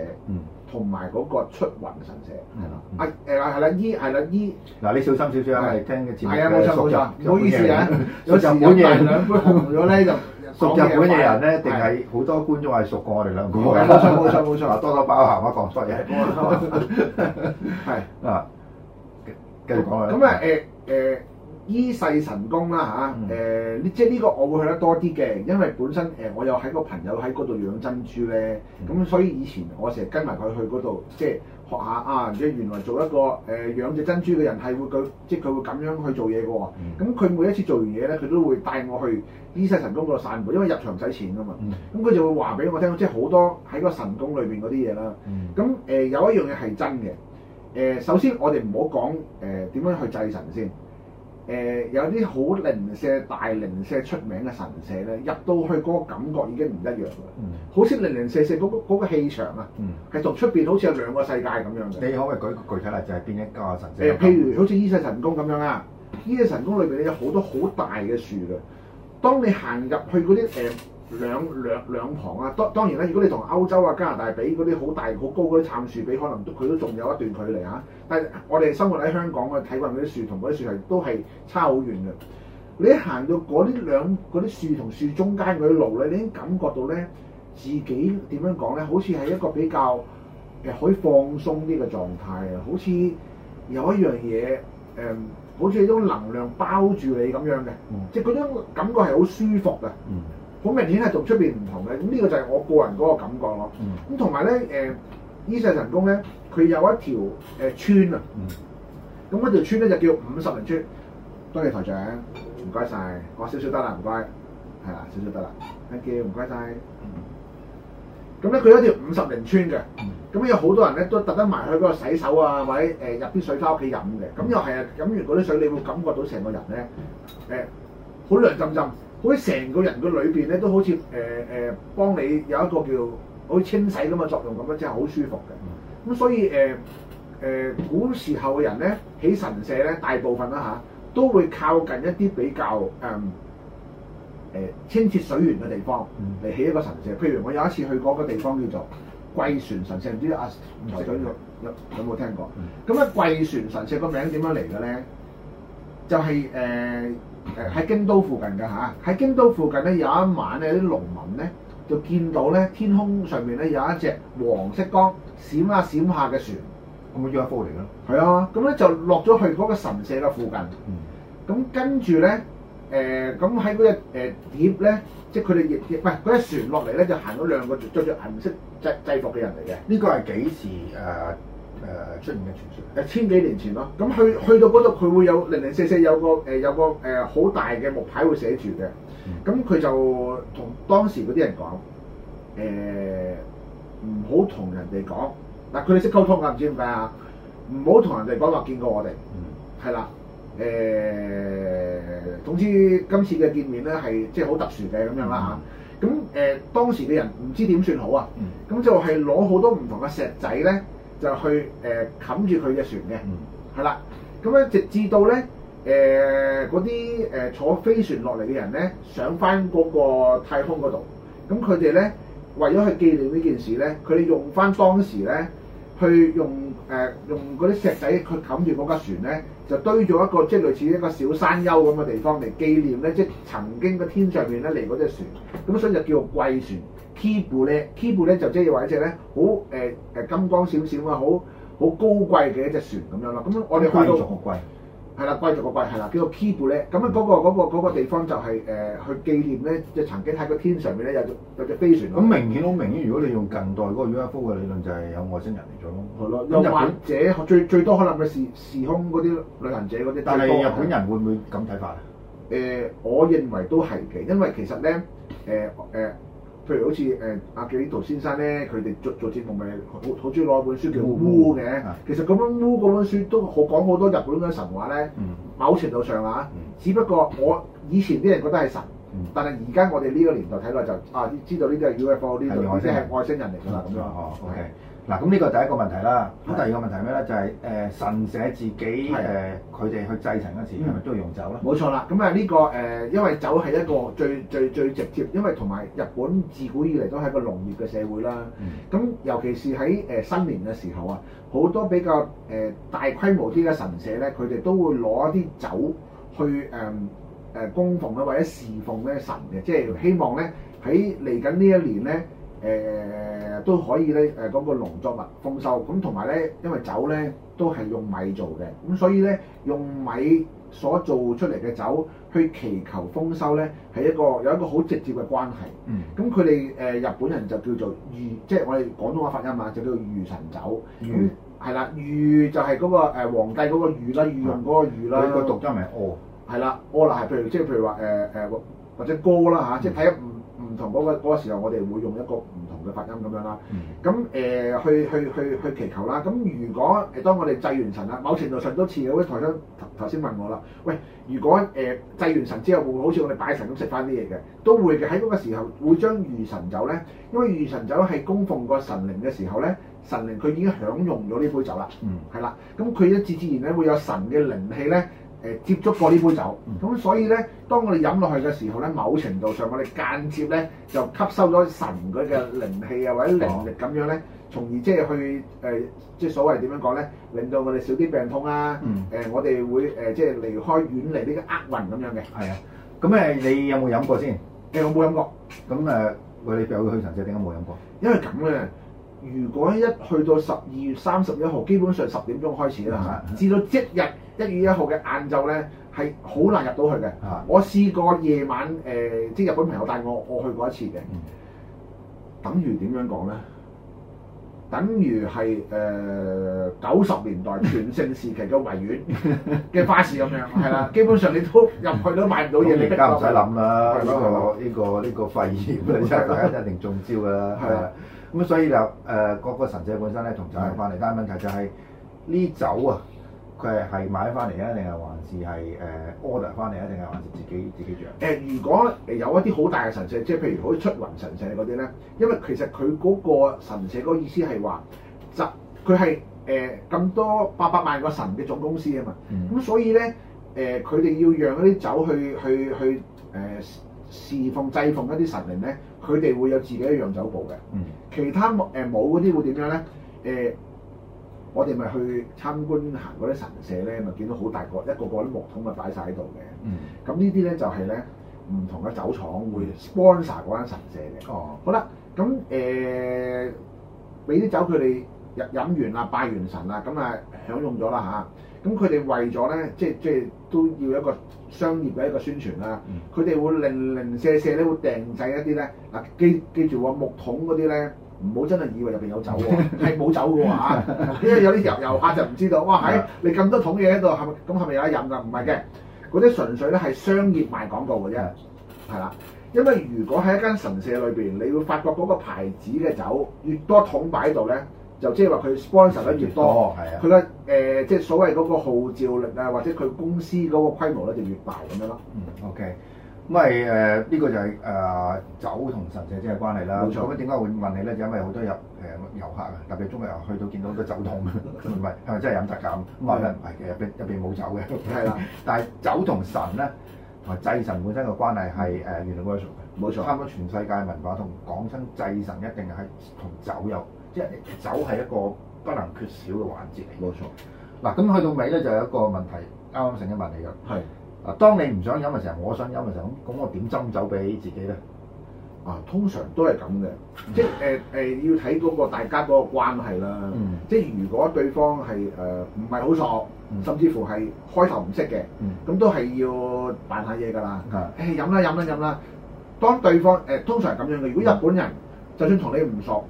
同埋嗰個出雲神社，係咯。啊誒係啦，伊係啦，伊嗱你小心少少啊，聽嘅字眼唔冇咗，冇錯，唔好意思啊！有日本嘢，咗咧就講日本嘢人咧，定係好多觀眾係熟過我哋兩個。冇錯冇錯冇錯，多多包涵。我講錯嘢。係啊，繼續講啦。咁啊誒。誒、呃、伊勢神宮啦嚇，誒、啊呃、即係呢個我會去得多啲嘅，因為本身誒、呃、我有喺個朋友喺嗰度養珍珠咧，咁、嗯、所以以前我成日跟埋佢去嗰度，即係學下啊，即係原來做一個誒、呃、養隻珍珠嘅人係會佢，即係佢會咁樣去做嘢嘅喎。咁佢、嗯、每一次做完嘢咧，佢都會帶我去伊勢神宮嗰度散步，因為入場唔使錢㗎嘛。咁佢、嗯、就會話俾我聽，即係好多喺個神宮裏邊嗰啲嘢啦。咁誒、嗯、有一樣嘢係真嘅。誒，首先我哋唔好講誒點樣去祭神先。誒、呃，有啲好零舍、大零舍出名嘅神社咧，入到去嗰個感覺已經唔一樣喇。嗯，好似零零四四嗰個嗰、嗰個氣場啊，係、嗯、同出邊好似有兩個世界咁樣嘅。你可唔可以舉個具體例就係邊一家神社？呃、譬如好似伊勢神宮咁樣啊，伊勢神宮裏邊咧，有好多好大嘅樹嘅，當你行入去嗰啲誒。呃兩兩兩旁啊，當當然啦。如果你同歐洲啊、加拿大比嗰啲好大好高嗰啲杉樹比，可能都佢都仲有一段距離啊。但係我哋生活喺香港嘅，睇過嗰啲樹同嗰啲樹係都係差好遠嘅。你行到嗰啲兩啲樹同樹中間嗰啲路咧，你已經感覺到咧，自己點樣講咧，好似係一個比較誒、呃、可以放鬆啲嘅狀態啊，好似有一樣嘢誒，好似有種能量包住你咁樣嘅，嗯、即係嗰種感覺係好舒服嘅。嗯好明顯係同出邊唔同嘅，咁呢個就係我個人嗰個感覺咯。咁同埋咧，誒，伊勢神宮咧，佢有一條誒、呃、村啊。咁嗰、嗯、條村咧就叫五十零村。多謝台長，唔該晒，我少少得啦，唔該。係啦，少少得啦，誒，Thank you 唔該晒。咁咧，佢有一條五十零村嘅，咁、嗯、有好多人咧都特登埋去嗰度洗手啊，或者誒入啲水翻屋企飲嘅。咁又係啊，飲完嗰啲水，你會感覺到成個人咧誒，好、欸、涼浸浸。好似成個人嘅裏邊咧，都好似誒誒幫你有一個叫好似清洗咁嘅作用咁樣，即係好舒服嘅。咁、嗯、所以誒誒、呃、古時候嘅人咧，起神社咧，大部分啦嚇、啊，都會靠近一啲比較誒誒、嗯呃、清澈水源嘅地方嚟起、嗯、一個神社。譬如我有一次去嗰個地方叫做貴船神社，唔知阿台長有有有冇聽過？咁啊、嗯，貴船神社個名點樣嚟嘅咧？就係、是、誒。呃誒喺京都附近㗎嚇，喺京都附近咧有一晚咧啲農民咧就見到咧天空上面咧有一隻黃色光閃下閃下嘅船，咁咪 UFO 嚟咯，係啊，咁咧就落咗去嗰個神社嘅附近，咁、嗯、跟住咧誒咁喺嗰隻誒碟咧，即係佢哋亦唔係嗰隻船落嚟咧就行咗兩個着住銀色制制服嘅人嚟嘅，呢、呢個係幾時誒？呃誒出現嘅傳說誒千幾年前咯，咁去去到嗰度，佢會有零零四四有，有個誒有個誒好大嘅木牌會寫住嘅，咁佢就同當時嗰啲人講誒唔好同人哋講，嗱佢哋識溝通㗎，唔知點解啊，唔好同人哋講話見過我哋，係啦誒總之今次嘅見面咧係即係好特殊嘅咁樣啦嚇，咁、啊、誒、呃、當時嘅人唔知點算好啊，咁就係攞好多唔同嘅石仔咧。就去誒冚、呃、住佢隻船嘅，係啦、嗯，咁樣直至到咧誒嗰啲誒坐飛船落嚟嘅人咧，上翻嗰個太空嗰度，咁佢哋咧為咗去紀念呢件事咧，佢哋用翻當時咧去用誒、呃、用嗰啲石仔去冚住嗰架船咧，就堆咗一個即係類似一個小山丘咁嘅地方嚟紀念咧，即係曾經嘅天上面咧嚟嗰隻船，咁所以就叫做貴船。k i b u 咧 k i b u 咧就即係話一隻咧，好誒誒金光閃閃啊，好好高貴嘅一隻船咁樣咯。咁我哋去到貴族個貴，係啦貴族個貴係啦，叫做 k i b u 咧。咁咧嗰個嗰、那個那個那個、地方就係誒去紀念咧，就、呃、曾經喺個天上面咧有有,有隻飛船。咁明顯好明顯，如果你用近代嗰個 UFO 嘅理論，就係、是、有外星人嚟咗咯。係咯，日 本 者最最多可能嘅時時空嗰啲旅行者嗰啲，但係日本人會唔會咁睇法啊？誒、嗯，我認為都係嘅，因為其實咧，誒、呃、誒。呃呃呃譬如好似誒阿幾圖先生咧，佢哋做做節目咪好好中意攞一本書叫《烏好》嘅的。其實咁樣《烏》嗰本書都好講好多日本嘅神話咧。嗯、某程度上啊，嗯、只不過我以前啲人覺得係神，嗯、但係而家我哋呢個年代睇落就啊，知道呢啲係 UFO 呢度，或者係外星人嚟㗎喇咁樣。哦、嗯、OK。嗱，咁呢個第一個問題啦。好的，第二個問題係咩咧？就係誒神社自己誒佢哋去祭神嗰陣時係咪、嗯、都要用酒啦。冇錯啦。咁啊呢個誒、呃，因為酒係一個最最最直接，因為同埋日本自古以嚟都係一個農業嘅社會啦。咁、嗯、尤其是喺誒新年嘅時候啊，好多比較誒大規模啲嘅神社咧，佢哋都會攞一啲酒去誒誒供奉咧或者侍奉咧神嘅，即係希望咧喺嚟緊呢一年咧。誒都可以咧，誒嗰個農作物豐收，咁同埋咧，因為酒咧都係用米做嘅，咁所以咧用米所做出嚟嘅酒去祈求豐收咧，係一個有一個好直接嘅關係。嗯。咁佢哋誒日本人就叫做御，即係我哋廣東話發音啊，就叫做御神酒。御係啦，御就係嗰個誒皇帝嗰個御啦，御用嗰個御啦。你個讀音咪哦？係啦，哦啦，係譬如即係譬如話誒誒或者高啦嚇，即係睇唔？唔同嗰、那個嗰時候，我哋會用一個唔同嘅發音咁樣啦。咁誒、呃、去去去去祈求啦。咁如果誒當我哋祭完神啦，某程度神都似嘅。好似台生頭先問我啦，喂，如果誒、呃、祭完神之後會唔會好似我哋拜神咁食返啲嘢嘅？都會嘅。喺嗰個時候會將御神酒咧，因為御神酒係供奉個神靈嘅時候咧，神靈佢已經享用咗呢杯酒啦。嗯，係啦。咁佢一自自然咧會有神嘅靈氣咧。誒接觸過呢杯酒，咁、嗯、所以咧，當我哋飲落去嘅時候咧，某程度上我哋間接咧就吸收咗神嗰嘅靈氣啊，或者靈力咁樣咧，嗯、從而即係去誒、呃，即係所謂點樣講咧，令到我哋少啲病痛啊。誒、嗯呃，我哋會誒、呃、即係離開遠離呢個厄運咁樣嘅。係啊，咁誒，你有冇飲過先？誒，我冇飲過。咁誒，我、呃、你又去神社，點解冇飲過？因為咁咧。如果一去到十二月三十一號，基本上十點鐘開始啦，至的到即日一月一號嘅晏晝咧，係好難入到去嘅。的我試過夜晚誒、呃，即日本朋友帶我我去過一次嘅，等於點樣講咧？等於係誒九十年代全盛時期嘅維園嘅花市咁樣，係啦。基本上你都入去都買唔到嘢，然你唔使諗啦。呢個呢個呢個肺炎你真係一定中招噶啦。咁所以就誒、呃、各個神社本身咧，同酒係翻嚟，的但問題就係、是、呢酒啊，佢係係買翻嚟啊，定係還是係誒、呃、order 翻嚟啊，定係還是自己自己養？誒、呃，如果有一啲好大嘅神社，即係譬如好似出雲神社嗰啲咧，因為其實佢嗰個神社個意思係話就，佢係誒咁多八百萬個神嘅總公司啊嘛。咁、嗯、所以咧，誒佢哋要讓嗰啲酒去去去誒。去呃侍奉祭奉一啲神靈咧，佢哋會有自己一樣酒步嘅。嗯、其他木冇嗰啲會點樣咧？誒、呃，我哋咪去參觀行嗰啲神社咧，咪見到好大個一個個啲木桶咪擺晒喺度嘅。咁、嗯、呢啲咧就係咧唔同嘅酒廠會 sponsor 嗰間神社嘅。哦，好啦，咁誒俾啲酒佢哋飲，飲完啦，拜完神啦，咁啊享用咗啦嚇。咁佢哋為咗咧，即係即係都要一個商業嘅一個宣傳啦。佢哋、嗯、會零零舍舍咧，會訂製一啲咧。嗱記記住喎，木桶嗰啲咧，唔好真係以為入邊有酒喎，係冇 酒嘅喎、啊、 因為有啲遊遊客就唔知道，哇喺的你咁多桶嘢喺度，係咪咁係咪有得飲㗎？唔係嘅，嗰啲純粹咧係商業賣廣告嘅啫，係啦。因為如果喺一間神社裏邊，你會發覺嗰個牌子嘅酒越多桶擺喺度咧。就即係話佢 sponsor 得越多，佢嘅誒即係所謂嗰個號召力啊，或者佢公司嗰個規模咧就越大咁樣咯。嗯，OK，咁係誒呢個就係、是、誒、呃、酒同神社即嘅關係啦。冇錯，咁點解會問你咧？就因為好多入誒、呃、遊客啊，特別中國遊去到見到好多酒桶。唔係，係咪真係飲得咁？唔係、嗯，唔係入邊冇酒嘅。係啦，但係酒同神咧同埋祭神本身嘅關係係誒 relationship 嘅。冇、uh, 錯，錯差唔多全世界文化同講親祭神一定係同酒有。酒係一個不能缺少嘅環節嚟。冇錯。嗱，咁去到尾咧，就有一個問題，啱啱成嘅問你㗎。係。嗱，當你唔想飲嘅時候，我想飲嘅時候，咁我點斟酒俾自己咧？啊，通常都係咁嘅，即係誒誒要睇嗰個大家嗰個關係啦。即係如果對方係誒唔係好熟，甚至乎係開頭唔識嘅，咁都係要扮下嘢㗎啦。誒，飲啦飲啦飲啦！當對方誒通常咁樣嘅，如果日本人就算同你唔熟。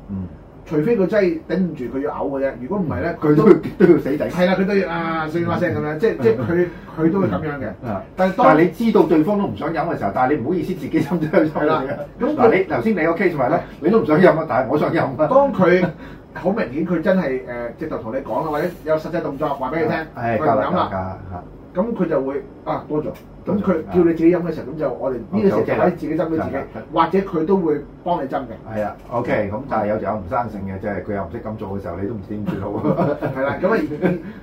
除非佢真係頂唔住，佢要嘔嘅啫。如果唔係咧，佢都都要死頂。係啦，佢都要啊，碎瓜石咁樣，即即佢佢都會咁樣嘅。但係當但你知道對方都唔想飲嘅時候，但係你唔好意思自己斟咗去飲，係啦，咁嗱你頭先你個 case 話咧，你都唔想飲啊，但係我想飲啊。當佢好明顯佢真係誒，直頭同你講啊，或者有實際動作話俾你聽，佢又飲啦。咁佢就會啊多咗，咁佢叫你自己飲嘅時候，咁、啊、就我哋呢個時候就可以自己斟俾自己，okay，或者佢都會幫你斟嘅。係啊，OK，咁但係有時候唔生性嘅，即係佢又唔識咁做嘅時候，你都唔知點住好。係啦，咁啊，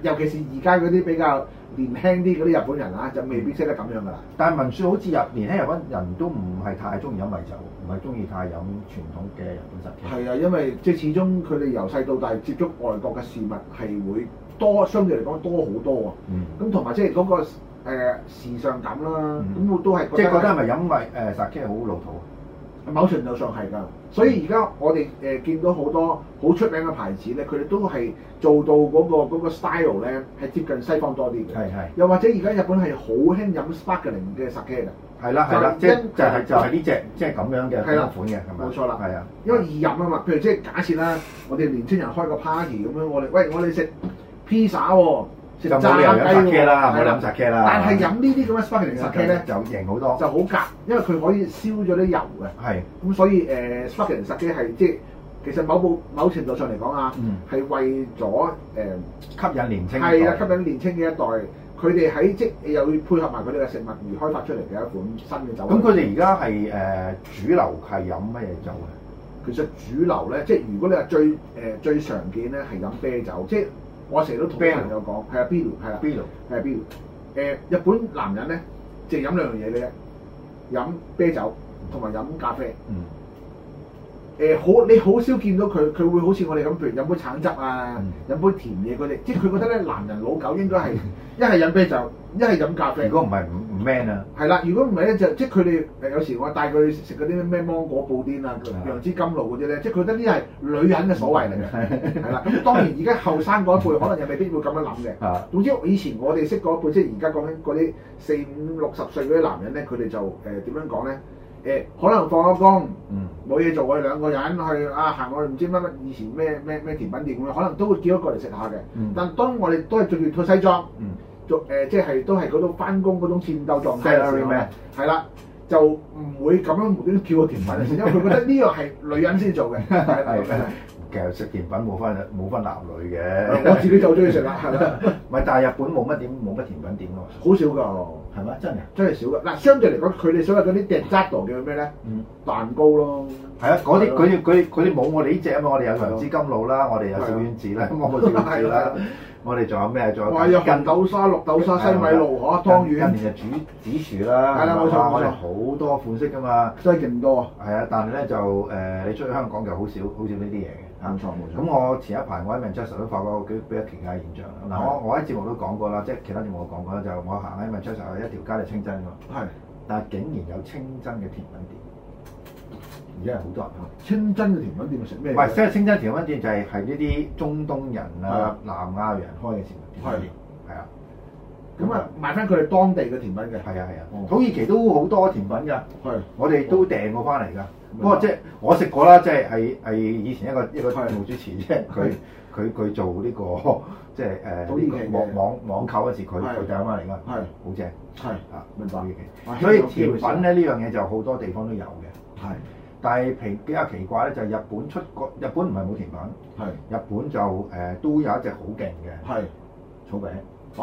尤其是而家嗰啲比較年輕啲嗰啲日本人啊，就未必識得咁樣噶啦、嗯。但係文書好似日年輕日本人都唔係太中意飲米酒，唔係中意太飲傳統嘅日本酒嘅。係啊，因為即係始終佢哋由細到大接觸外國嘅事物係會。多相對嚟講多好多啊！咁同埋即係嗰個誒時尚感啦、啊，咁我、嗯、都係即係覺得係咪飲埋誒 sake 好老土？某程度上係㗎，所以而家我哋誒見到好多好出名嘅牌子咧，佢哋都係做到嗰、嗰個嗰個 style 咧係接近西方多啲嘅。係係是。又或者而家日本係好興飲 sparkling 嘅 sake 㗎。係啦係啦，即係就係、是、就係呢隻即係咁樣嘅款嘅，冇錯啦，係啊的，因為易飲啊嘛。譬如即係假設啦，我哋年青人開個 party 咁樣，我哋喂我哋食。披 i z z a 喎，炸雞啦，唔好飲炸雞啦。但係飲呢啲咁嘅 sparkling 炸雞咧，就型好多，就好格，因為佢可以燒咗啲油嘅。係咁，所以誒 sparkling 炸雞係即係其實某部某程度上嚟講啊，係為咗誒吸引年青，係啊吸引年青嘅一代。佢哋喺即係又配合埋佢哋嘅食物而開發出嚟嘅一款新嘅酒。咁佢哋而家係誒主流係飲乜嘢酒啊？其實主流咧，即係如果你話最誒最常見咧，係飲啤酒，即係。我成日都同朋友講，係阿 Bill，係阿 Bill，係阿 Bill，誒，日本男人咧，淨係飲兩樣嘢嘅啫，飲啤酒同埋飲咖啡。嗯。誒好、呃，你好少見到佢，佢會好似我哋咁，譬如飲杯橙汁啊，飲杯甜嘢嗰啲，即係佢覺得咧，男人老狗應該係一係飲啤酒，一係飲咖啡。如果唔係唔 man 啊？係啦，如果唔係咧就即係佢哋誒有時我帶佢去食嗰啲咩芒果布甸啊、楊枝甘露嗰啲咧，即係佢覺得呢係女人嘅所謂嚟嘅。係啦，咁、嗯、當然而家後生嗰一輩 可能又未必會咁樣諗嘅。總之以前我哋識嗰一輩，即係而家講緊嗰啲四五六十歲嗰啲男人咧，佢哋就誒點樣講咧？誒可能放咗工，冇嘢做，我哋兩個人去啊，行我哋唔知乜乜以前咩咩咩甜品店咁樣，可能都會叫一個嚟食下嘅。嗯、但當我哋都係着住套西裝，嗯、做誒、呃、即係都係嗰種返工嗰種戰鬥狀態啦。係啦、啊，就唔會咁樣無端端叫個甜品， 因為佢覺得呢樣係女人先做嘅。 其實食甜品冇分冇分男女嘅， 我自己就中意食啦。唔係， 但係日本冇乜點冇乜甜品店咯，好 少㗎。係咪？真係，真係少㗎。嗱，相對嚟講，佢哋所謂嗰啲 dessert 叫做咩咧？嗯，蛋糕咯。係啊，嗰啲佢啲冇我哋呢隻啊嘛。我哋有佢，楊枝甘露啦，我哋有小丸子啦，咁我冇小丸子啦。我哋仲有咩仲有紅豆沙、綠豆沙、西米露呵，湯圓。一年就煮紫薯啦。係啦，冇錯，我哋好多款式㗎嘛。真係勁多啊！係啊，但係咧就誒，你出去香港就好少，好少呢啲嘢嘅。冇錯，冇錯。咁我前一排我喺 Manchester 都發覺比較奇怪嘅現象啦。嗱，我我喺節目都講過啦，即係其他節目我講過啦，就我行喺 Manchester 一條街就清真㗎嘛。係。但係竟然有清真嘅甜品店，而家係好多人清真嘅甜品店食咩？唔係，即係清真甜品店就係係呢啲中東人啊、南亞人開嘅甜品店。係啊。咁啊，賣翻佢哋當地嘅甜品嘅。係啊係啊。土耳其都好多甜品㗎。係。我哋都訂過翻嚟㗎。不過即係我食過啦，即係係係以前一個一個做主持啫，佢佢佢做呢個即係誒網網網購嗰時，佢佢訂返嚟㗎，係好正，係啊，所以甜品咧呢樣嘢就好多地方都有嘅。係，但係奇比較奇怪咧，就日本出國，日本唔係冇甜品。係，日本就誒都有一隻好勁嘅。係，草餅。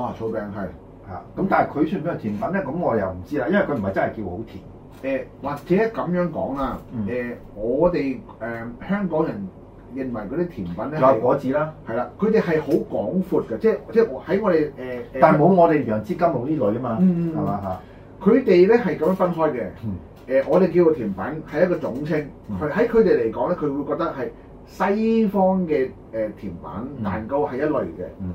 啊，草餅係。嚇，咁但係佢算唔算係甜品咧？咁我又唔知啦，因為佢唔係真係叫好甜。誒、呃、或者咁樣講啦，誒、呃嗯呃、我哋誒、呃、香港人認為嗰啲甜品咧，就係果子啦，係啦，佢哋係好廣闊嘅，即係即係喺我哋誒、呃、但係冇我哋羊脂金龍呢類啊嘛，係嘛嚇？佢哋咧係咁樣分開嘅，誒、嗯呃、我哋叫甜品係一個總稱，佢喺佢哋嚟講咧，佢會覺得係西方嘅誒甜品蛋糕係一類嘅。嗯嗯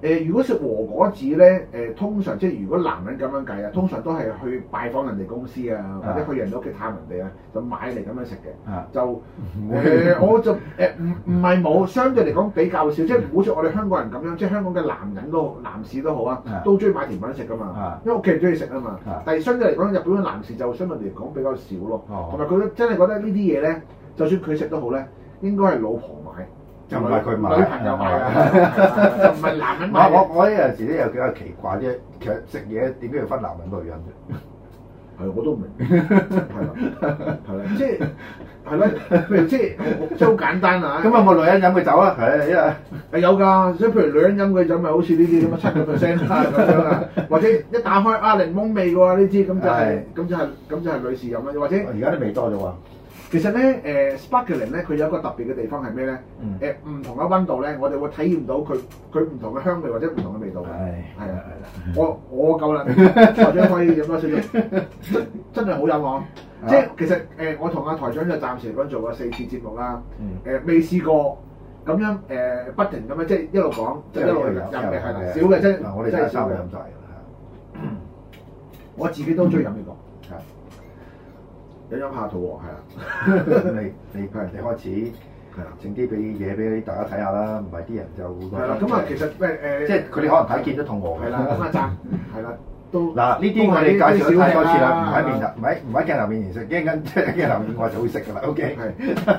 誒、呃、如果食和果子咧，誒、呃、通常即係如果男人咁樣計啊，通常都係去拜訪人哋公司啊，的或者去人哋屋企探人哋啊，就買嚟咁樣食嘅。的就誒、呃、 我就誒唔唔係冇，相對嚟講比較少，即係好似我哋香港人咁樣，即係香港嘅男人都男士都好啊，都中意買甜品食噶嘛，的因為屋企人中意食啊嘛。的但係相對嚟講，日本嘅男士就相對嚟講比較少咯。同埋佢真係覺得呢啲嘢咧，就算佢食都好咧，應該係老婆買。就唔係佢買，女朋友買啊！就唔係男人買。我我呢陣時咧又比較奇怪啲，其實食嘢點解要分男人女人啫？係我都唔明，係啦，係啦，即係係啦，即係即係好簡單啊！咁有冇女人飲佢酒啊，係因為啊有㗎，即係譬如女人飲佢酒咪好似呢啲咁啊，七個 percent 咁樣啊，或者一打開啊檸檬味嘅喎呢啲，咁就係咁就係咁就係女士飲啊，或者而家啲味多咗啊。其實咧，誒 Sparkling 咧，佢有一個特別嘅地方係咩咧？誒唔同嘅温度咧，我哋會體驗到佢佢唔同嘅香味或者唔同嘅味道嘅。係係啦係啦，我我夠啦，台長可以飲多少少？真係好飲喎！即係其實誒，我同阿台長就暫時嚟講做過四次節目啦。誒未試過咁樣誒，不停咁樣即係一路講，一路飲嘅係少嘅真，真係冇飲曬嘅。我自己都鍾意飲呢個。有陰怕肚餓，係啦，你你派人哋開始，係啦，整啲俾嘢俾大家睇下啦，唔係啲人就係啦。咁啊，其實誒誒，即係佢哋可能睇見咗肚餓嘅。係啦，咁下贊，係啦，都嗱呢啲我哋介紹咗太多次啦，唔喺面流，唔喺唔喺鏡頭面前食，驚緊即係鏡頭面我就會食噶啦。O K，係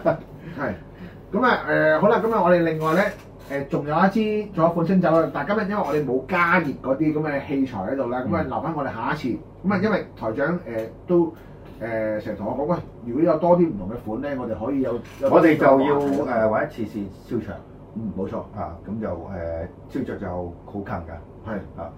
係，咁啊誒好啦，今日我哋另外咧誒仲有一支仲有一款新酒啦，但今日因為我哋冇加熱嗰啲咁嘅器材喺度咧，咁啊留翻我哋下一次，咁啊因為台長誒都。誒成日同我講喂，如果有多啲唔同嘅款咧，我哋可以有。我哋就要誒玩一次試燒場。嗯，冇錯啊，咁就誒燒着就好近㗎。係啊，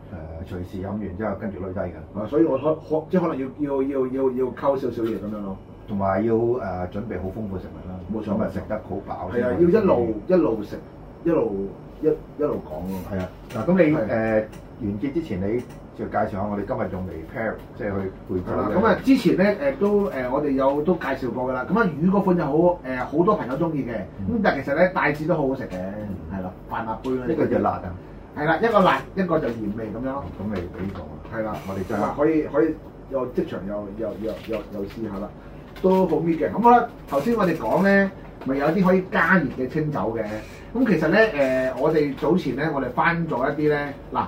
誒隨時飲完之後跟住攞低㗎。所以我可即係可能要要要要要溝少少嘢咁樣咯。同埋要誒準備好豐富食物啦，冇錯，咪食得好飽。係啊，要一路一路食，一路一一路講咯。係啊，嗱咁你誒完結之前你，就介紹下我哋今日用嚟 pair 即係去配酒啦、嗯。咁啊吧，之前咧誒、呃、都誒、呃、我哋有都介紹過噶啦。咁啊，魚嗰款就好誒好、呃、多朋友中意嘅。咁但係其實咧，帶子都好好食嘅。係啦，飯辣杯咧。一個就辣㗎、啊。係啦，一個辣，一個就鹽味咁樣咯。咁咪俾咗。係、嗯、啦，嗯嗯、吧我哋就吧可以可以有即場又又又又又試下啦，都好味嘅。咁、嗯、啊，頭、嗯、先我哋講咧，咪有啲可以加熱嘅清酒嘅。咁其實咧誒、呃，我哋早前咧，我哋翻咗一啲咧嗱。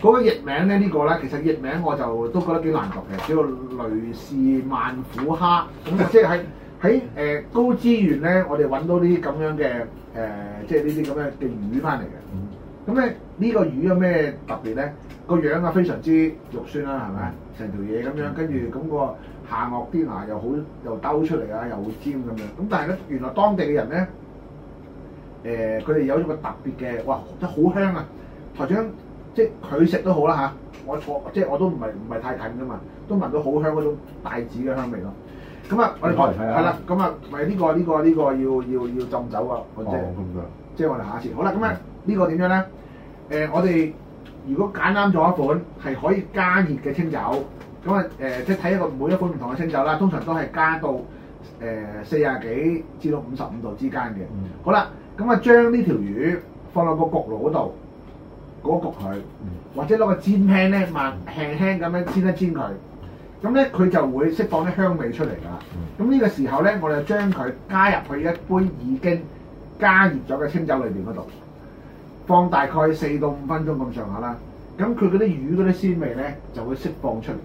嗰個譯名咧，這個、呢個咧，其實譯名我就都覺得幾難讀嘅，叫做雷士萬虎蝦。咁即係喺喺誒高資源咧，我哋揾到啲咁樣嘅誒，即係呢啲咁樣嘅魚翻嚟嘅。咁咧呢個魚有咩特別咧？個樣啊，非常之肉酸啦、啊，係咪？成條嘢咁樣，跟住咁個下顎啲牙又好，又兜出嚟啊，又好尖咁樣。咁但係咧，原來當地嘅人咧，誒佢哋有咗個特別嘅，哇！真係好香啊！台長。即係佢食都好啦嚇、啊，我我即係我都唔係唔係太近㗎嘛，都聞到好香嗰種帶子嘅香味咯。咁、嗯、啊，我哋講係啦，咁啊，誒呢個呢個呢個要要要浸酒啊，即係我哋下一次好啦。咁啊，呢個點樣咧？誒，我哋如果揀啱咗一款係可以加熱嘅清酒，咁啊誒，即係睇一個每一款唔同嘅清酒啦，通常都係加到誒四廿幾至到五十五度之間嘅。嗯、好啦，咁、嗯、啊將呢條魚放落個焗爐嗰度。焗佢，或者攞個煎 p a 咧，慢輕輕咁樣煎一煎佢，咁咧佢就會釋放啲香味出嚟㗎啦。咁呢、嗯、個時候咧，我就將佢加入去一杯已經加熱咗嘅清酒裏邊嗰度，放大概四到五分鐘咁上下啦。咁佢嗰啲魚嗰啲鮮味咧就會釋放出嚟。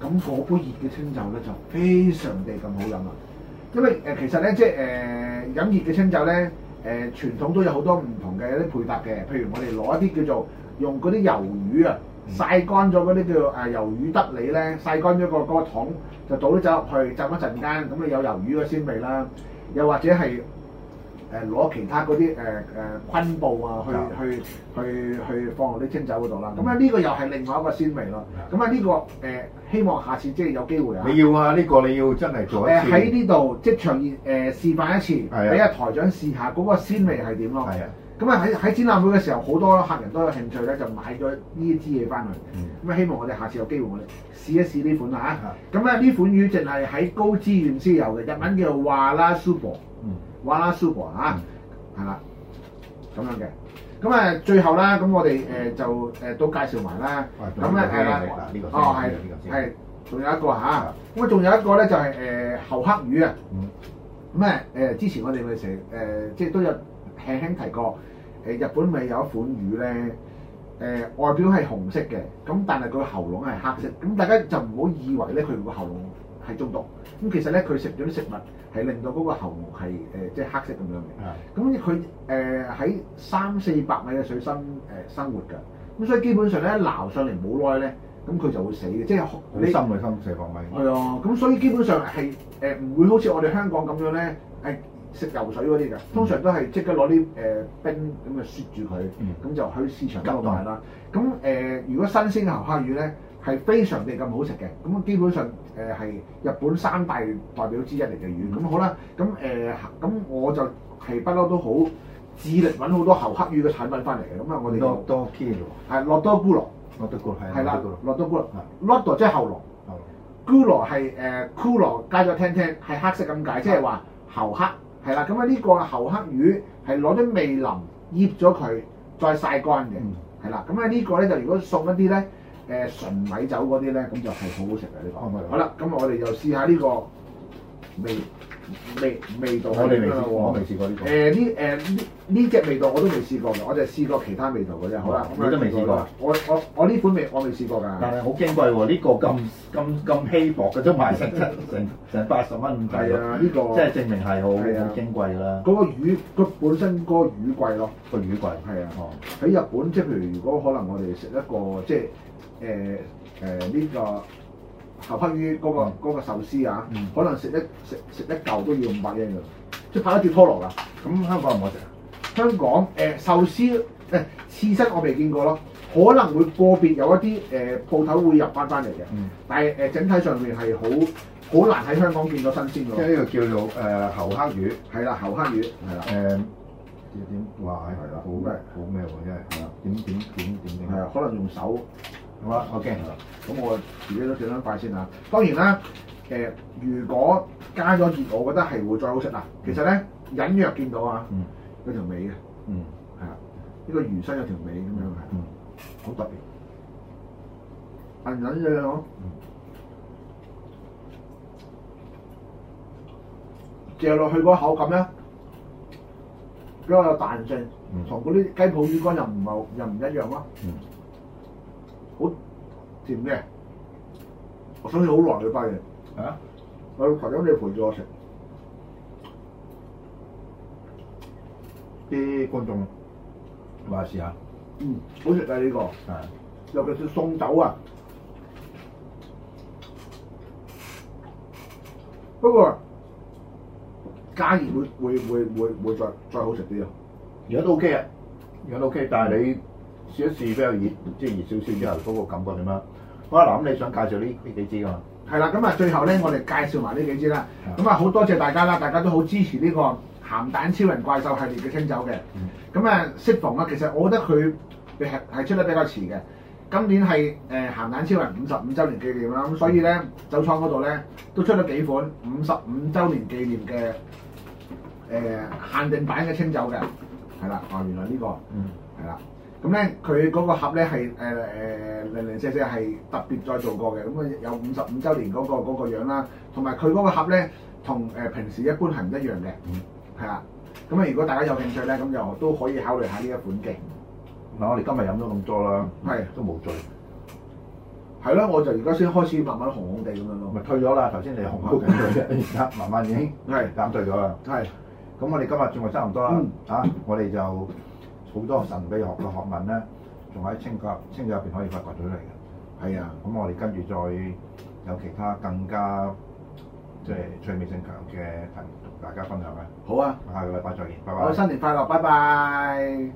咁嗰、嗯、杯熱嘅清酒咧就非常地咁好飲啦。因為誒、呃、其實咧即係誒飲熱嘅清酒咧。誒、呃、傳統都有好多唔同嘅一啲配搭嘅，譬如我哋攞一啲叫做用嗰啲魷魚啊，曬乾咗嗰啲叫做啊魷魚得你咧，曬乾咗個嗰桶，就倒啲酒入去，浸一陣間，咁你有魷魚嘅鮮味啦。又或者係誒攞其他嗰啲誒誒昆布啊，去的去去去，去放落啲清酒嗰度啦。咁啊呢個又係另外一個鮮味咯。咁啊呢個誒。呃希望下次即係有機會啊！你要啊呢、呢個你要真係做喺呢度即場誒示範一次，俾阿、呃呃、的台長試下嗰、嗰個鮮味係點咯。咁啊喺喺展覽會嘅時候，好多客人都有興趣咧，就買咗呢一支嘢翻去。咁啊、嗯、希望我哋下次有機會我哋試一試呢款啊。咁咧呢款魚淨係喺高資源先有嘅，日文叫做ワラスープ，ワラスープ嚇係啦咁樣嘅。咁啊，最後啦，咁我哋誒就誒都介紹埋啦。咁咧誒，呢個哦係，係，仲有一個吓。咁啊，仲有一個咧，就係誒喉黑魚啊。咁啊誒，之前我哋咪成日誒，即係都有輕輕提過。誒日本咪有一款魚咧，誒外表係紅色嘅，咁但係佢喉嚨係黑色。咁、嗯、大家就唔好以為咧，佢個喉嚨係中毒，咁其實咧佢食咗啲食物係令到嗰個喉毛係誒即係黑色咁樣嘅。咁佢誒喺三四百米嘅水深誒、呃、生活㗎，咁所以基本上咧撈上嚟冇耐咧，咁佢就會死嘅，即係好深嘅三四百米。係啊，咁所以基本上係誒唔會好似我哋香港咁樣咧，誒食游水嗰啲嘅，通常都係即刻攞啲誒冰咁啊雪住佢，咁、嗯、就去市場，交代啦，咁誒、呃、如果新鮮嘅喉蝦魚咧。係非常地咁好食嘅，咁基本上誒係、呃、日本三大代表之一嚟嘅魚，咁好啦。咁誒咁我就係不嬲都好致力揾好多喉黑魚嘅產品翻嚟嘅，咁啊我哋。諾多 key 喎，係諾多咕羅，諾多咕羅係。係啦，諾多咕羅，諾多即係喉嚨，咕羅係誒咕羅介咗聽聽係黑色咁解，即係話喉黑係啦。咁啊呢個喉黑魚係攞啲味淋醃咗佢，再曬乾嘅，係啦。咁啊呢個咧就如果送一啲咧。誒純米酒嗰啲咧，咁 就係好 好食吧嘅，呢個好啦，咁 我哋就試下呢個味。味味道我未試過喎，我未試過呢個。誒呢誒呢隻味道我都未試過嘅，我就試過其他味道嘅啫。好啦，我都未試過。我我我呢款味我未試過㗎。但係好矜貴喎，呢個咁咁咁稀薄嘅都賣成七成成八十蚊咁貴。係啊，呢個即係證明係好好矜貴啦。嗰個魚，佢本身個魚貴咯。個魚貴。係啊。哦。喺日本，即係譬如如果可能，我哋食一個即係誒誒呢個。後黑魚嗰個嗰壽司啊，可能食一食食一嚿都要五百日圓㗎，即係拍一碟拖羅啦。咁香港人唔好食啊？香港誒壽司誒刺身我未見過咯，可能會個別有一啲誒鋪頭會入翻翻嚟嘅，但係誒整體上面係好好難喺香港見到新鮮㗎。即係呢個叫做誒後黑魚，係啦，後黑魚係啦，誒點話係啦，好咩好咩喎？真係係啦，點點點點點係啊，可能用手。好啦，OK，咁我自己都整翻快先啊。當然啦，誒、呃，如果加咗熱，我覺得係會再好食啦。嗯、其實咧，隱約見到啊，嗯、有條尾嘅，係啊、嗯，呢、呢個魚身有條尾咁樣嘅，好、嗯嗯、特別，隱隱約約嚼落去嗰口感咧比較有彈性，同嗰啲雞泡魚乾又唔冇又唔一樣咯、啊。嗯好甜咩？我想食好耐佢八月。啊？我老實講，你陪住我食啲觀眾，咪試下。嗯，好食啊呢個。係的。尤其是餸酒啊。不過加熱會會會會會再再好食啲啊！而家都 OK 啊，而家都 OK，但係是 你。試一試比較熱，即係熱少少之後嗰、那個感覺點樣？好啦，嗱咁你想介紹呢呢幾支嘛？係啦，咁啊最後咧，我哋介紹埋呢幾支啦。咁啊好多謝大家啦，大家都好支持呢個鹹蛋超人怪獸系列嘅清酒嘅。咁啊、嗯，適逢啊，其實我覺得佢係係出得比較遲嘅。今年係誒、呃、鹹蛋超人五十五周年紀念啦，咁所以咧酒廠嗰度咧都出咗幾款五十五周年紀念嘅誒、呃、限定版嘅清酒嘅。係啦，啊、哦、原來呢、這個，嗯，係啦。咁咧，佢嗰個盒咧係誒誒零零舍舍係特別再做過嘅，咁啊有五十五週年嗰個嗰個樣啦，同埋佢嗰個盒咧同誒平時一般係唔一樣嘅，係啊。咁啊，如果大家有興趣咧，咁就都可以考慮下呢一款勁。嗱，我哋今日飲咗咁多啦，係都冇醉，係咯，我就而家先開始慢慢紅紅地咁樣咯。咪退咗啦，頭先你紅紅地，而家慢慢已經係減退咗啦。係，咁我哋今日仲係差唔多啦，嚇我哋就。好多神秘學嘅學問咧，仲喺清酒清酒入邊可以發掘到出嚟嘅。係啊，咁我哋跟住再有其他更加即係、嗯呃、趣味性強嘅題目同大家分享啊。好啊，下個禮拜再見，拜拜。好，新年快樂，拜拜。